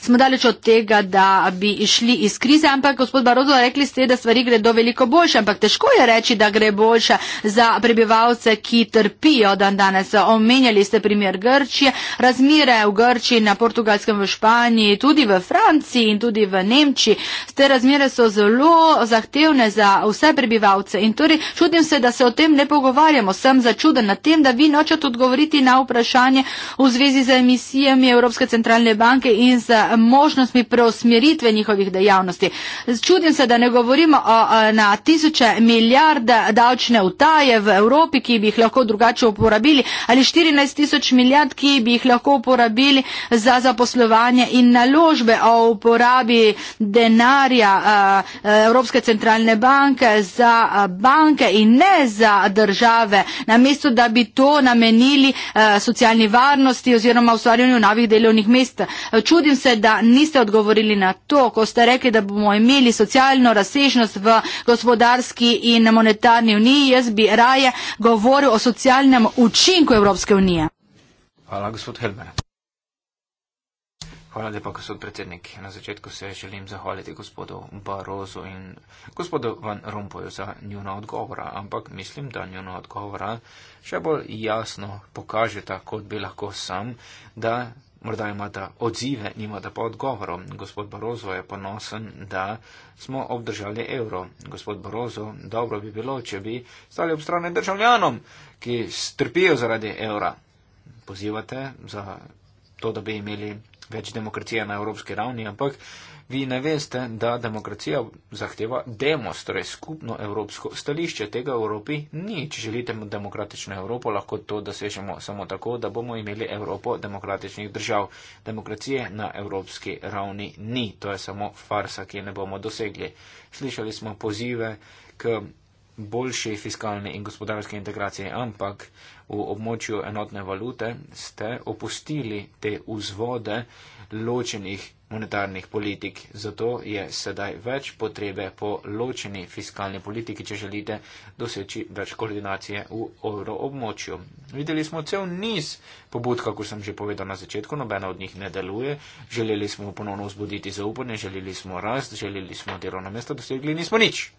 smo daleč od tega, da bi išli iz krize, ampak gospod Barozo, rekli ste, da stvari gredo veliko boljše, ampak težko je reči, da gre boljše za prebivalce, ki trpijo dan danes. Omenjali ste primer Grčije, razmire v Grčiji, na Portugalskem, v Španiji, tudi v Franciji in tudi v Nemčiji. Te razmire so zelo zahtevne za vse prebivalce in torej čudim se, da se o tem ne pogovarjamo. Sem začuden na tem, da vi nočete odgovoriti odgovoriti na vprašanje v zvezi z emisijami Evropske centralne banke in z možnostmi preosmeritve njihovih dejavnosti. Čudim se, da ne govorimo o, na tisoče milijard davčne utaje v Evropi, ki bi jih lahko drugače uporabili, ali 14 tisoč milijard, ki bi jih lahko uporabili za zaposlovanje in naložbe o uporabi denarja Evropske centralne banke za banke in ne za države, namesto da bi to namenili Eh, socialni varnosti oziroma ustvarjanju novih delovnih mest. Eh, čudim se, da niste odgovorili na to, ko ste rekli, da bomo imeli socialno razsežnost v gospodarski in monetarni uniji. Jaz bi raje govoril o socialnem učinku Evropske unije. Hvala, gospod Helmer. Hvala lepa, gospod predsednik. Na začetku se želim zahvaliti gospodu Barozu in gospodu Van Rompuju za njuna odgovora, ampak mislim, da njuna odgovora še bolj jasno pokažeta, kot bi lahko sam, da morda imata odzive, nimata pa odgovorov. Gospod Barozo je ponosen, da smo obdržali evro. Gospod Barozo, dobro bi bilo, če bi stali ob strani državljanom, ki strpijo zaradi evra. Pozivate za to, da bi imeli več demokracije na evropski ravni, ampak vi ne veste, da demokracija zahteva demos, torej skupno evropsko stališče. Tega v Evropi ni. Če želite demokratično Evropo, lahko to dosežemo samo tako, da bomo imeli Evropo demokratičnih držav. Demokracije na evropski ravni ni. To je samo farsa, ki je ne bomo dosegli. Slišali smo pozive k boljši fiskalni in gospodarski integraciji, ampak v območju enotne valute, ste opustili te vzvode ločenih monetarnih politik. Zato je sedaj več potrebe po ločeni fiskalni politiki, če želite doseči več koordinacije v euroobmočju. Videli smo cel niz pobud, kako sem že povedal na začetku, nobena od njih ne deluje. Želeli smo ponovno vzbuditi zaupanje, želeli smo rast, želeli smo delovna mesta, dosegli nismo nič.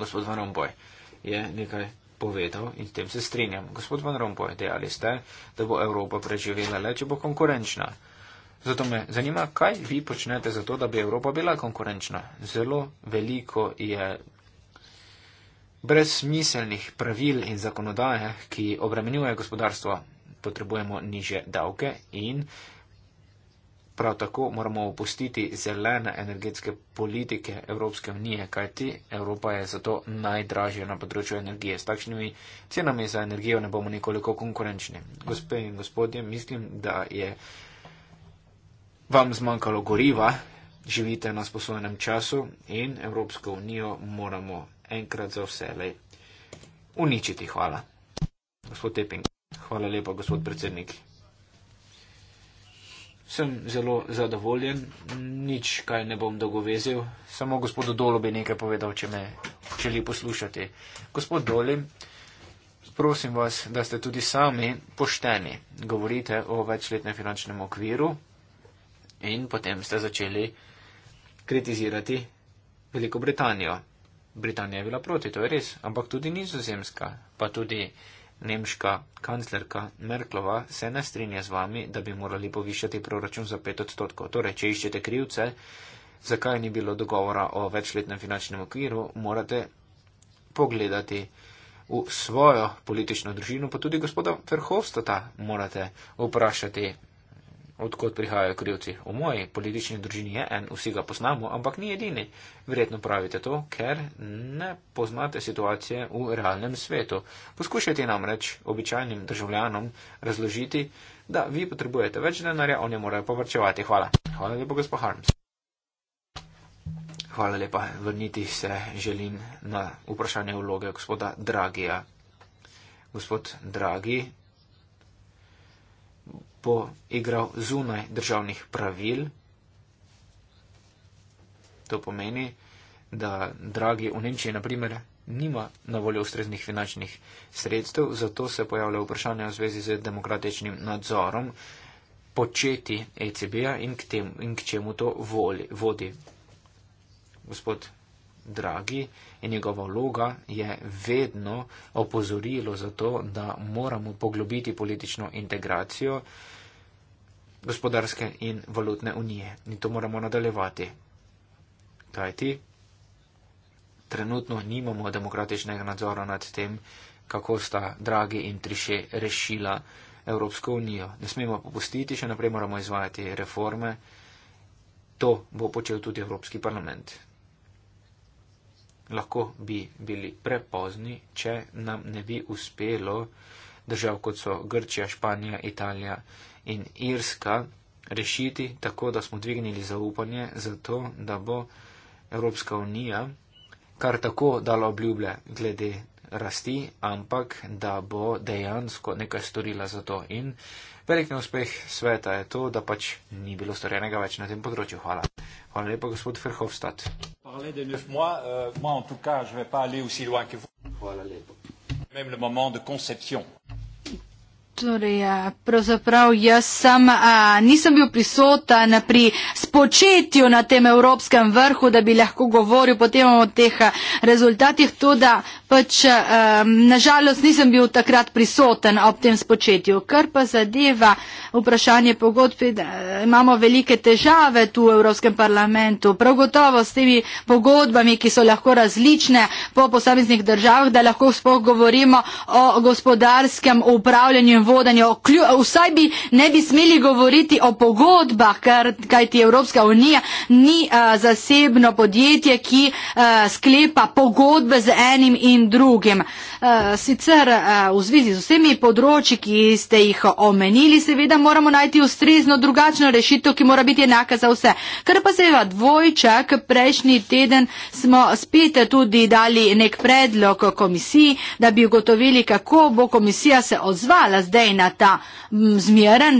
Gospod Van Rompuy je nekaj povedal in tem se strinjam. Gospod Van Rompuy, dejali ste, da bo Evropa preživela le, če bo konkurenčna. Zato me zanima, kaj vi počnete za to, da bi Evropa bila konkurenčna. Zelo veliko je brezsmiselnih pravil in zakonodaje, ki obremenjuje gospodarstvo. Potrebujemo niže davke in Prav tako moramo opustiti zelene energetske politike Evropske unije, kajti Evropa je zato najdražja na področju energije. S takšnimi cenami za energijo ne bomo nekoliko konkurenčni. Gospe in gospodje, mislim, da je vam zmanjkalo goriva, živite na sposobnem času in Evropsko unijo moramo enkrat za vselej uničiti. Hvala. Gospod Teping. Hvala lepa, gospod predsednik sem zelo zadovoljen, nič kaj ne bom dogovezil, samo gospodu Dolu bi nekaj povedal, če me želi poslušati. Gospod Doli, prosim vas, da ste tudi sami pošteni, govorite o večletnem finančnem okviru in potem ste začeli kritizirati Veliko Britanijo. Britanija je bila proti, to je res, ampak tudi Nizozemska, pa tudi. Nemška kanclerka Merklova se ne strinja z vami, da bi morali povišati proračun za pet odstotkov. Torej, če iščete krivce, zakaj ni bilo dogovora o večletnem finančnem okviru, morate pogledati v svojo politično družino, pa tudi gospoda Verhofstata morate vprašati, odkot prihajajo krivci. V moji politični družini je en, vsi ga poznamo, ampak ni edini. Verjetno pravite to, ker ne poznate situacije v realnem svetu. Poskušajte namreč običajnim državljanom razložiti, da vi potrebujete več denarja, oni morajo povrčevati. Hvala. Hvala lepo, gospod Harms. Hvala lepa. Vrniti se želim na vprašanje vloge gospoda Dragija. Gospod Dragi, poigral zunaj državnih pravil. To pomeni, da dragi v Nemčiji, na primer, nima na voljo ustreznih finančnih sredstev, zato se pojavlja vprašanje v zvezi z demokratičnim nadzorom početi ECB-ja in, in k čemu to voli, vodi. Gospod dragi, in njegova vloga je vedno opozorilo za to, da moramo poglobiti politično integracijo gospodarske in valutne unije. In to moramo nadaljevati. Kaj ti? Trenutno nimamo demokratičnega nadzora nad tem, kako sta dragi in triše rešila Evropsko unijo. Ne smemo popustiti, še naprej moramo izvajati reforme. To bo počel tudi Evropski parlament lahko bi bili prepozni, če nam ne bi uspelo držav, kot so Grčija, Španija, Italija in Irska, rešiti tako, da smo dvignili zaupanje za to, da bo Evropska unija kar tako dala obljube glede rasti, ampak da bo dejansko nekaj storila za to. In velik neuspeh sveta je to, da pač ni bilo storjenega več na tem področju. Hvala. Hvala lepa, gospod Ferhofstadt parler des neuf mois, euh, moi en tout cas, je ne vais pas aller aussi loin que vous. Voilà, les... Même le moment de conception. Torej, ja, pravzaprav jaz sem, a, nisem bil prisoten pri spočetju na tem evropskem vrhu, da bi lahko govoril potem o teh rezultatih, to da pač nažalost nisem bil takrat prisoten ob tem spočetju. Kar pa zadeva vprašanje pogodb, eh, imamo velike težave tu v Evropskem parlamentu, prav gotovo s temi pogodbami, ki so lahko različne po posameznih državah, da lahko spogovorimo o gospodarskem upravljanju in vodenje, vsaj bi ne bi smeli govoriti o pogodbah, ker kajti Evropska unija ni a, eh, zasebno podjetje, ki a, eh, sklepa pogodbe z enim in drugim. A, eh, sicer a, v zvezi z vsemi področji, ki ste jih omenili, seveda moramo najti ustrezno drugačno rešitev, ki mora biti enaka za vse. Kar pa seveda dvojček, prejšnji teden smo spet tudi dali nek predlog komisiji, da bi ugotovili, kako bo komisija se odzvala z zdaj na ta zmeren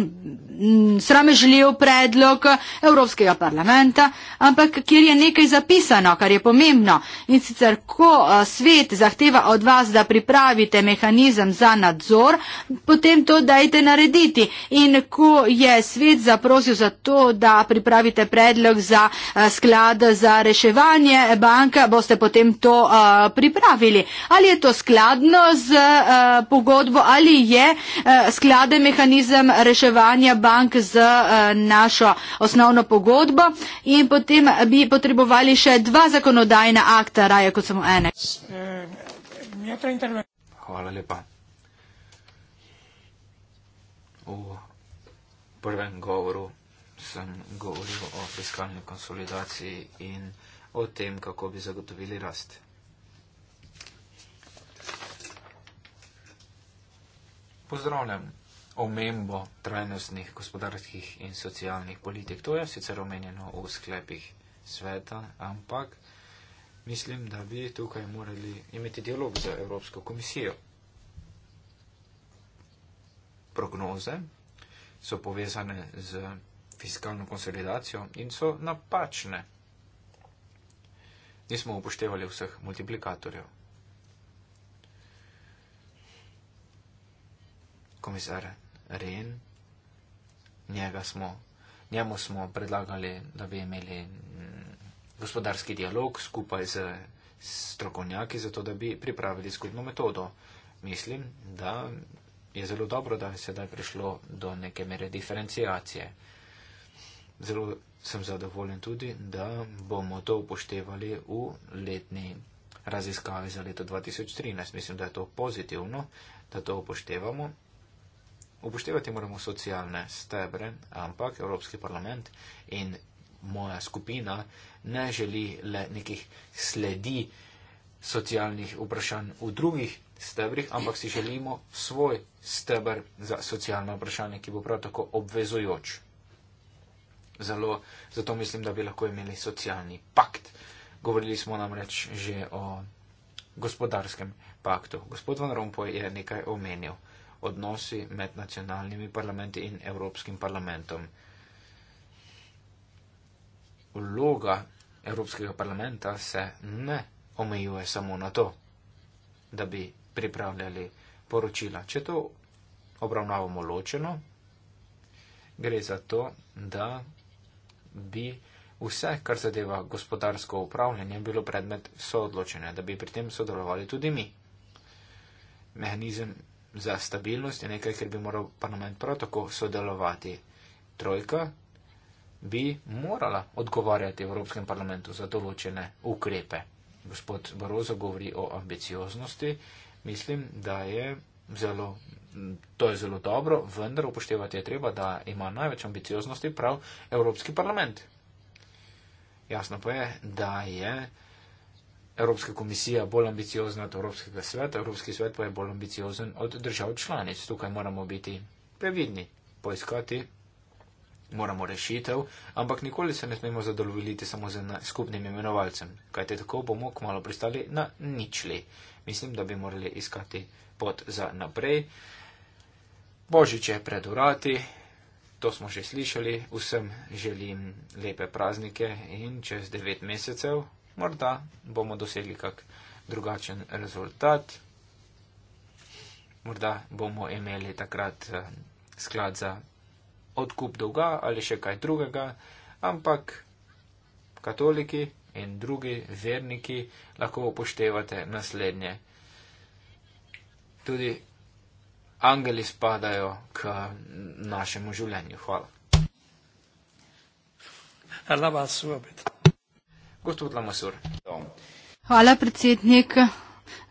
Mm, sramežljiv predlog Evropskega parlamenta, ampak kjer je nekaj zapisano, kar je pomembno. In sicer, ko eh, svet zahteva od vas, da pripravite mehanizem za nadzor, potem to dajte narediti. In ko je svet zaprosil za to, da pripravite predlog za eh, sklad za reševanje banka, boste potem to eh, pripravili. Ali je to skladno z pogodbo, ali je sklade mehanizem reševanja banka? bank z eh, našo osnovno pogodbo in potem bi potrebovali še dva zakonodajna akta, raje kot samo ene. Hvala lepa. V prvem govoru sem govoril o fiskalni konsolidaciji in o tem, kako bi zagotovili rast. Pozdravljam omembo trajnostnih gospodarskih in socialnih politik. To je sicer omenjeno v sklepih sveta, ampak mislim, da bi tukaj morali imeti dialog z Evropsko komisijo. Prognoze so povezane z fiskalno konsolidacijo in so napačne. Nismo upoštevali vseh multiplikatorjev. Komisare, ren, smo, njemu smo predlagali, da bi imeli mm, gospodarski dialog skupaj z strokovnjaki, zato da bi pripravili skupno metodo. Mislim, da je zelo dobro, da je sedaj prišlo do neke mere diferencijacije. Zelo sem zadovoljen tudi, da bomo to upoštevali v letni raziskavi za leto 2013. Mislim, da je to pozitivno, da to upoštevamo upoštevati moramo socialne stebre, ampak Evropski parlament in moja skupina ne želi le nekih sledi socialnih vprašanj v drugih stebrih, ampak si želimo svoj stebr za socialne vprašanje, ki bo prav tako obvezujoč. Zelo, zato mislim, da bi lahko imeli socialni pakt. Govorili smo namreč že o gospodarskem paktu. Gospod Van Rompuy je nekaj omenil odnosi med nacionalnimi parlamenti in Evropskim parlamentom. Vloga Evropskega parlamenta se ne omejuje samo na to, da bi pripravljali poročila. Če to obravnavamo ločeno, gre za to, da bi vse, kar zadeva gospodarsko upravljanje, bilo predmet soodločenja, da bi pri tem sodelovali tudi mi. Mehanizem za stabilnost, je nekaj, ker bi moral parlament prav tako sodelovati. Trojka bi morala odgovarjati Evropskem parlamentu za določene ukrepe. Gospod Barozo govori o ambicioznosti. Mislim, da je zelo, to je zelo dobro, vendar upoštevati je treba, da ima največ ambicioznosti prav Evropski parlament. Jasno pa je, da je. Evropska komisija bolj ambiciozna od Evropskega sveta, Evropski svet pa je bolj ambiciozen od držav članic. Tukaj moramo biti previdni, poiskati, moramo rešitev, ampak nikoli se ne smemo zadovoljiti samo z skupnim imenovalcem, kajte tako bomo kmalo pristali na ničli. Mislim, da bi morali iskati pot za naprej. Božič je pred urati, to smo že slišali, vsem želim lepe praznike in čez devet mesecev morda bomo dosegli kak drugačen rezultat, morda bomo imeli takrat eh, sklad za odkup dolga ali še kaj drugega, ampak katoliki in drugi verniki lahko upoštevate naslednje. Tudi angeli spadajo k našemu življenju. Hvala. Hvala vam, subit gospod Lamasur. Hvala, predsednik.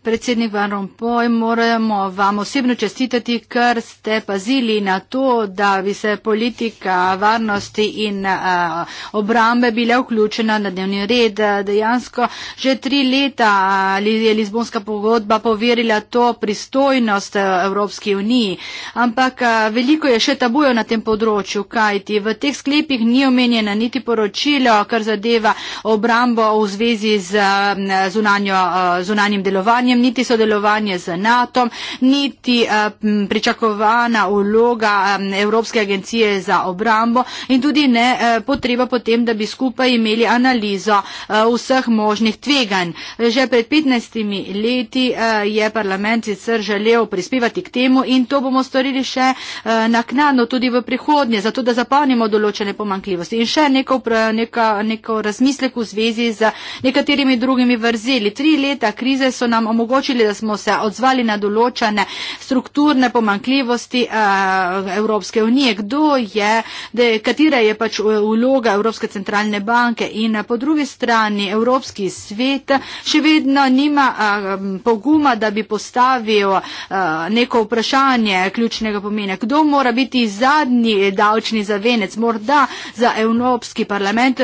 Predsednik Van Rompuy, moramo vam osebno čestitati, ker ste pazili na to, da bi se politika varnosti in uh, obrambe bila vključena na dnevni red. Dejansko že tri leta je Lizbonska pogodba poverila to pristojnost Evropski uniji, ampak veliko je še tabujo na tem področju, kajti v teh sklepih ni omenjena niti poročilo, kar zadeva obrambo v zvezi z zunanjo, zunanjim delovanjem Združenjem, niti sodelovanje z NATO, niti eh, pričakovana vloga eh, Evropske agencije za obrambo in tudi ne eh, potreba potem, da bi skupaj imeli analizo vseh možnih tveganj. Že pred 15 leti je parlament sicer želel prispevati k temu in to bomo storili še naknadno tudi v prihodnje, zato da zapolnimo določene pomankljivosti. In še neko, neko, neko razmislek v zvezi z nekaterimi drugimi vrzeli. Tri leta krize so nam omogočili omogočili, da smo se odzvali na določene strukturne pomankljivosti eh, Evropske unije, kdo je, de, katera je pač uloga Evropske centralne banke in eh, po drugi strani Evropski svet še vedno nima eh, poguma, da bi postavil neko vprašanje ključnega pomena, kdo mora biti zadnji davčni zavenec, morda za Evropski parlament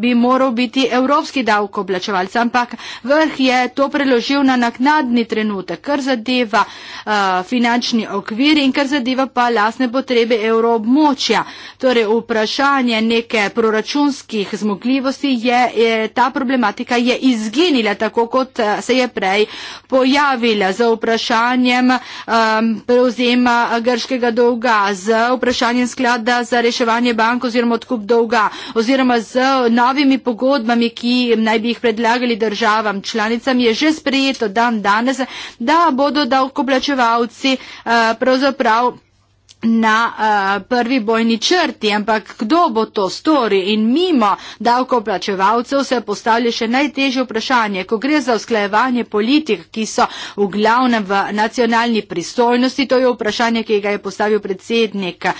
bi moral biti Evropski davkoplačevalc, ampak vrh je to preložil na naknadnje naknadni trenutek, kar zadeva uh, finančni okvir in kar zadeva pa lasne potrebe evroobmočja. Torej, vprašanje neke proračunskih zmogljivosti je, je, ta problematika je izginila, tako kot eh, se je prej pojavila z vprašanjem um, prevzema grškega dolga, z vprašanjem sklada za reševanje bank oziroma odkup dolga oziroma z novimi pogodbami, ki naj bi jih predlagali državam članicam, je že sprejeto, da dan danes, da bodo davkoplačevalci eh, pravzaprav na uh, prvi bojni črti, ampak kdo bo to storil in mimo davkoplačevalcev se postavlja še najtežje vprašanje, ko gre za usklajevanje politik, ki so v glavnem v nacionalni pristojnosti, to je vprašanje, ki ga je postavil predsednik uh,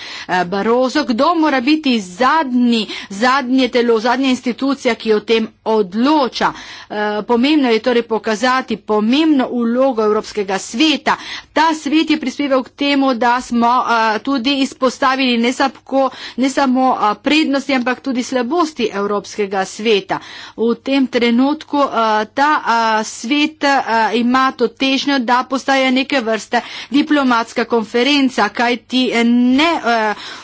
Barozo, kdo mora biti zadnji, zadnje telo, zadnja institucija, ki o tem odloča. Uh, pomembno je torej pokazati pomembno ulogo Evropskega sveta. Ta svet je prispeval k temu, da smo uh, tudi izpostavili ne, sapko, ne samo prednosti, ampak tudi slabosti Evropskega sveta. V tem trenutku ta svet ima to težnjo, da postaje neke vrste diplomatska konferenca, kaj ti ne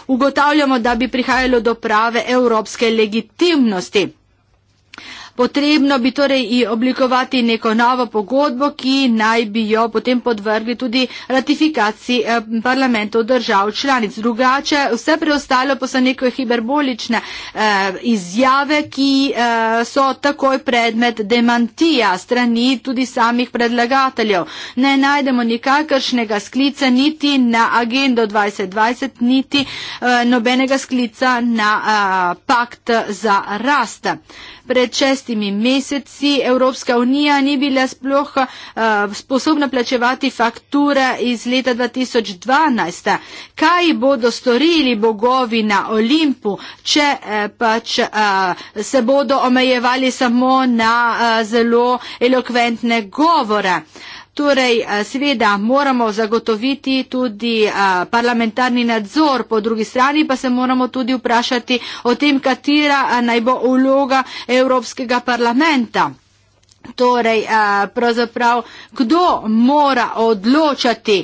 ugotavljamo, da bi prihajalo do prave evropske legitimnosti. Potrebno bi torej oblikovati neko novo pogodbo, ki naj bi jo potem podvrgli tudi ratifikaciji eh, parlamentov držav članic. Drugače, vse preostalo pa so neke hiberbolične eh, izjave, ki eh, so takoj predmet demantija strani tudi samih predlagateljev. Ne najdemo nikakršnega sklica niti na agendo 2020, niti nobenega sklica na pakt za rast. Pred 6 šestimi meseci Evropska unija ni bila sploh eh, sposobna plačevati fakture iz leta 2012. Kaj bodo storili bogovi na Olimpu, če eh, pač eh, se bodo omejevali samo na zelo elokventne govore? Torej, eh, seveda moramo zagotoviti tudi eh, parlamentarni nadzor, po drugi strani pa se moramo tudi vprašati o tem, katera eh, naj bo vloga Evropskega parlamenta. Torej, pravzaprav, kdo mora odločati,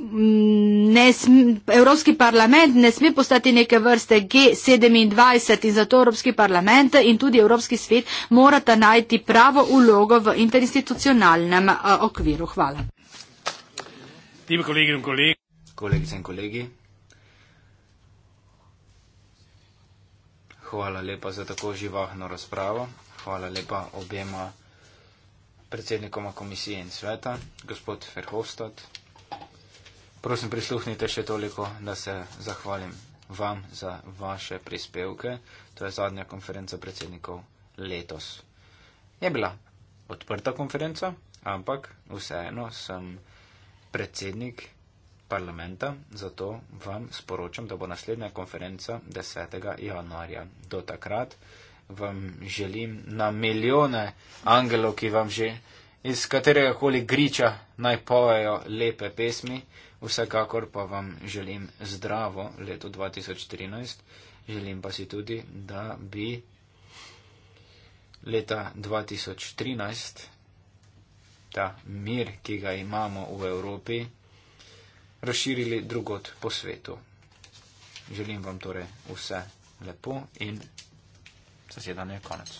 ne sme, Evropski parlament ne sme postati neke vrste G27 in zato Evropski parlament in tudi Evropski svet morata najti pravo ulogo v interinstitucionalnem eh, okviru. Hvala. Kolegice in kolegi. Hvala lepa za tako živahno razpravo. Hvala lepa obema predsednikoma komisije in sveta, gospod Verhofstadt Prosim, prisluhnite še toliko, da se zahvalim vam za vaše prispevke. To je zadnja konferenca predsednikov letos. Je bila odprta konferenca, ampak vseeno sem predsednik parlamenta, zato vam sporočam, da bo naslednja konferenca 10. januarja. Do takrat vam želim na milijone angelov, ki vam že iz katerega koli griča naj povejo lepe pesmi. Vsekakor pa vam želim zdravo leto 2013. Želim pa si tudi, da bi leta 2013 ta mir, ki ga imamo v Evropi, razširili drugot po svetu. Želim vam torej vse lepo in zasedanje konec.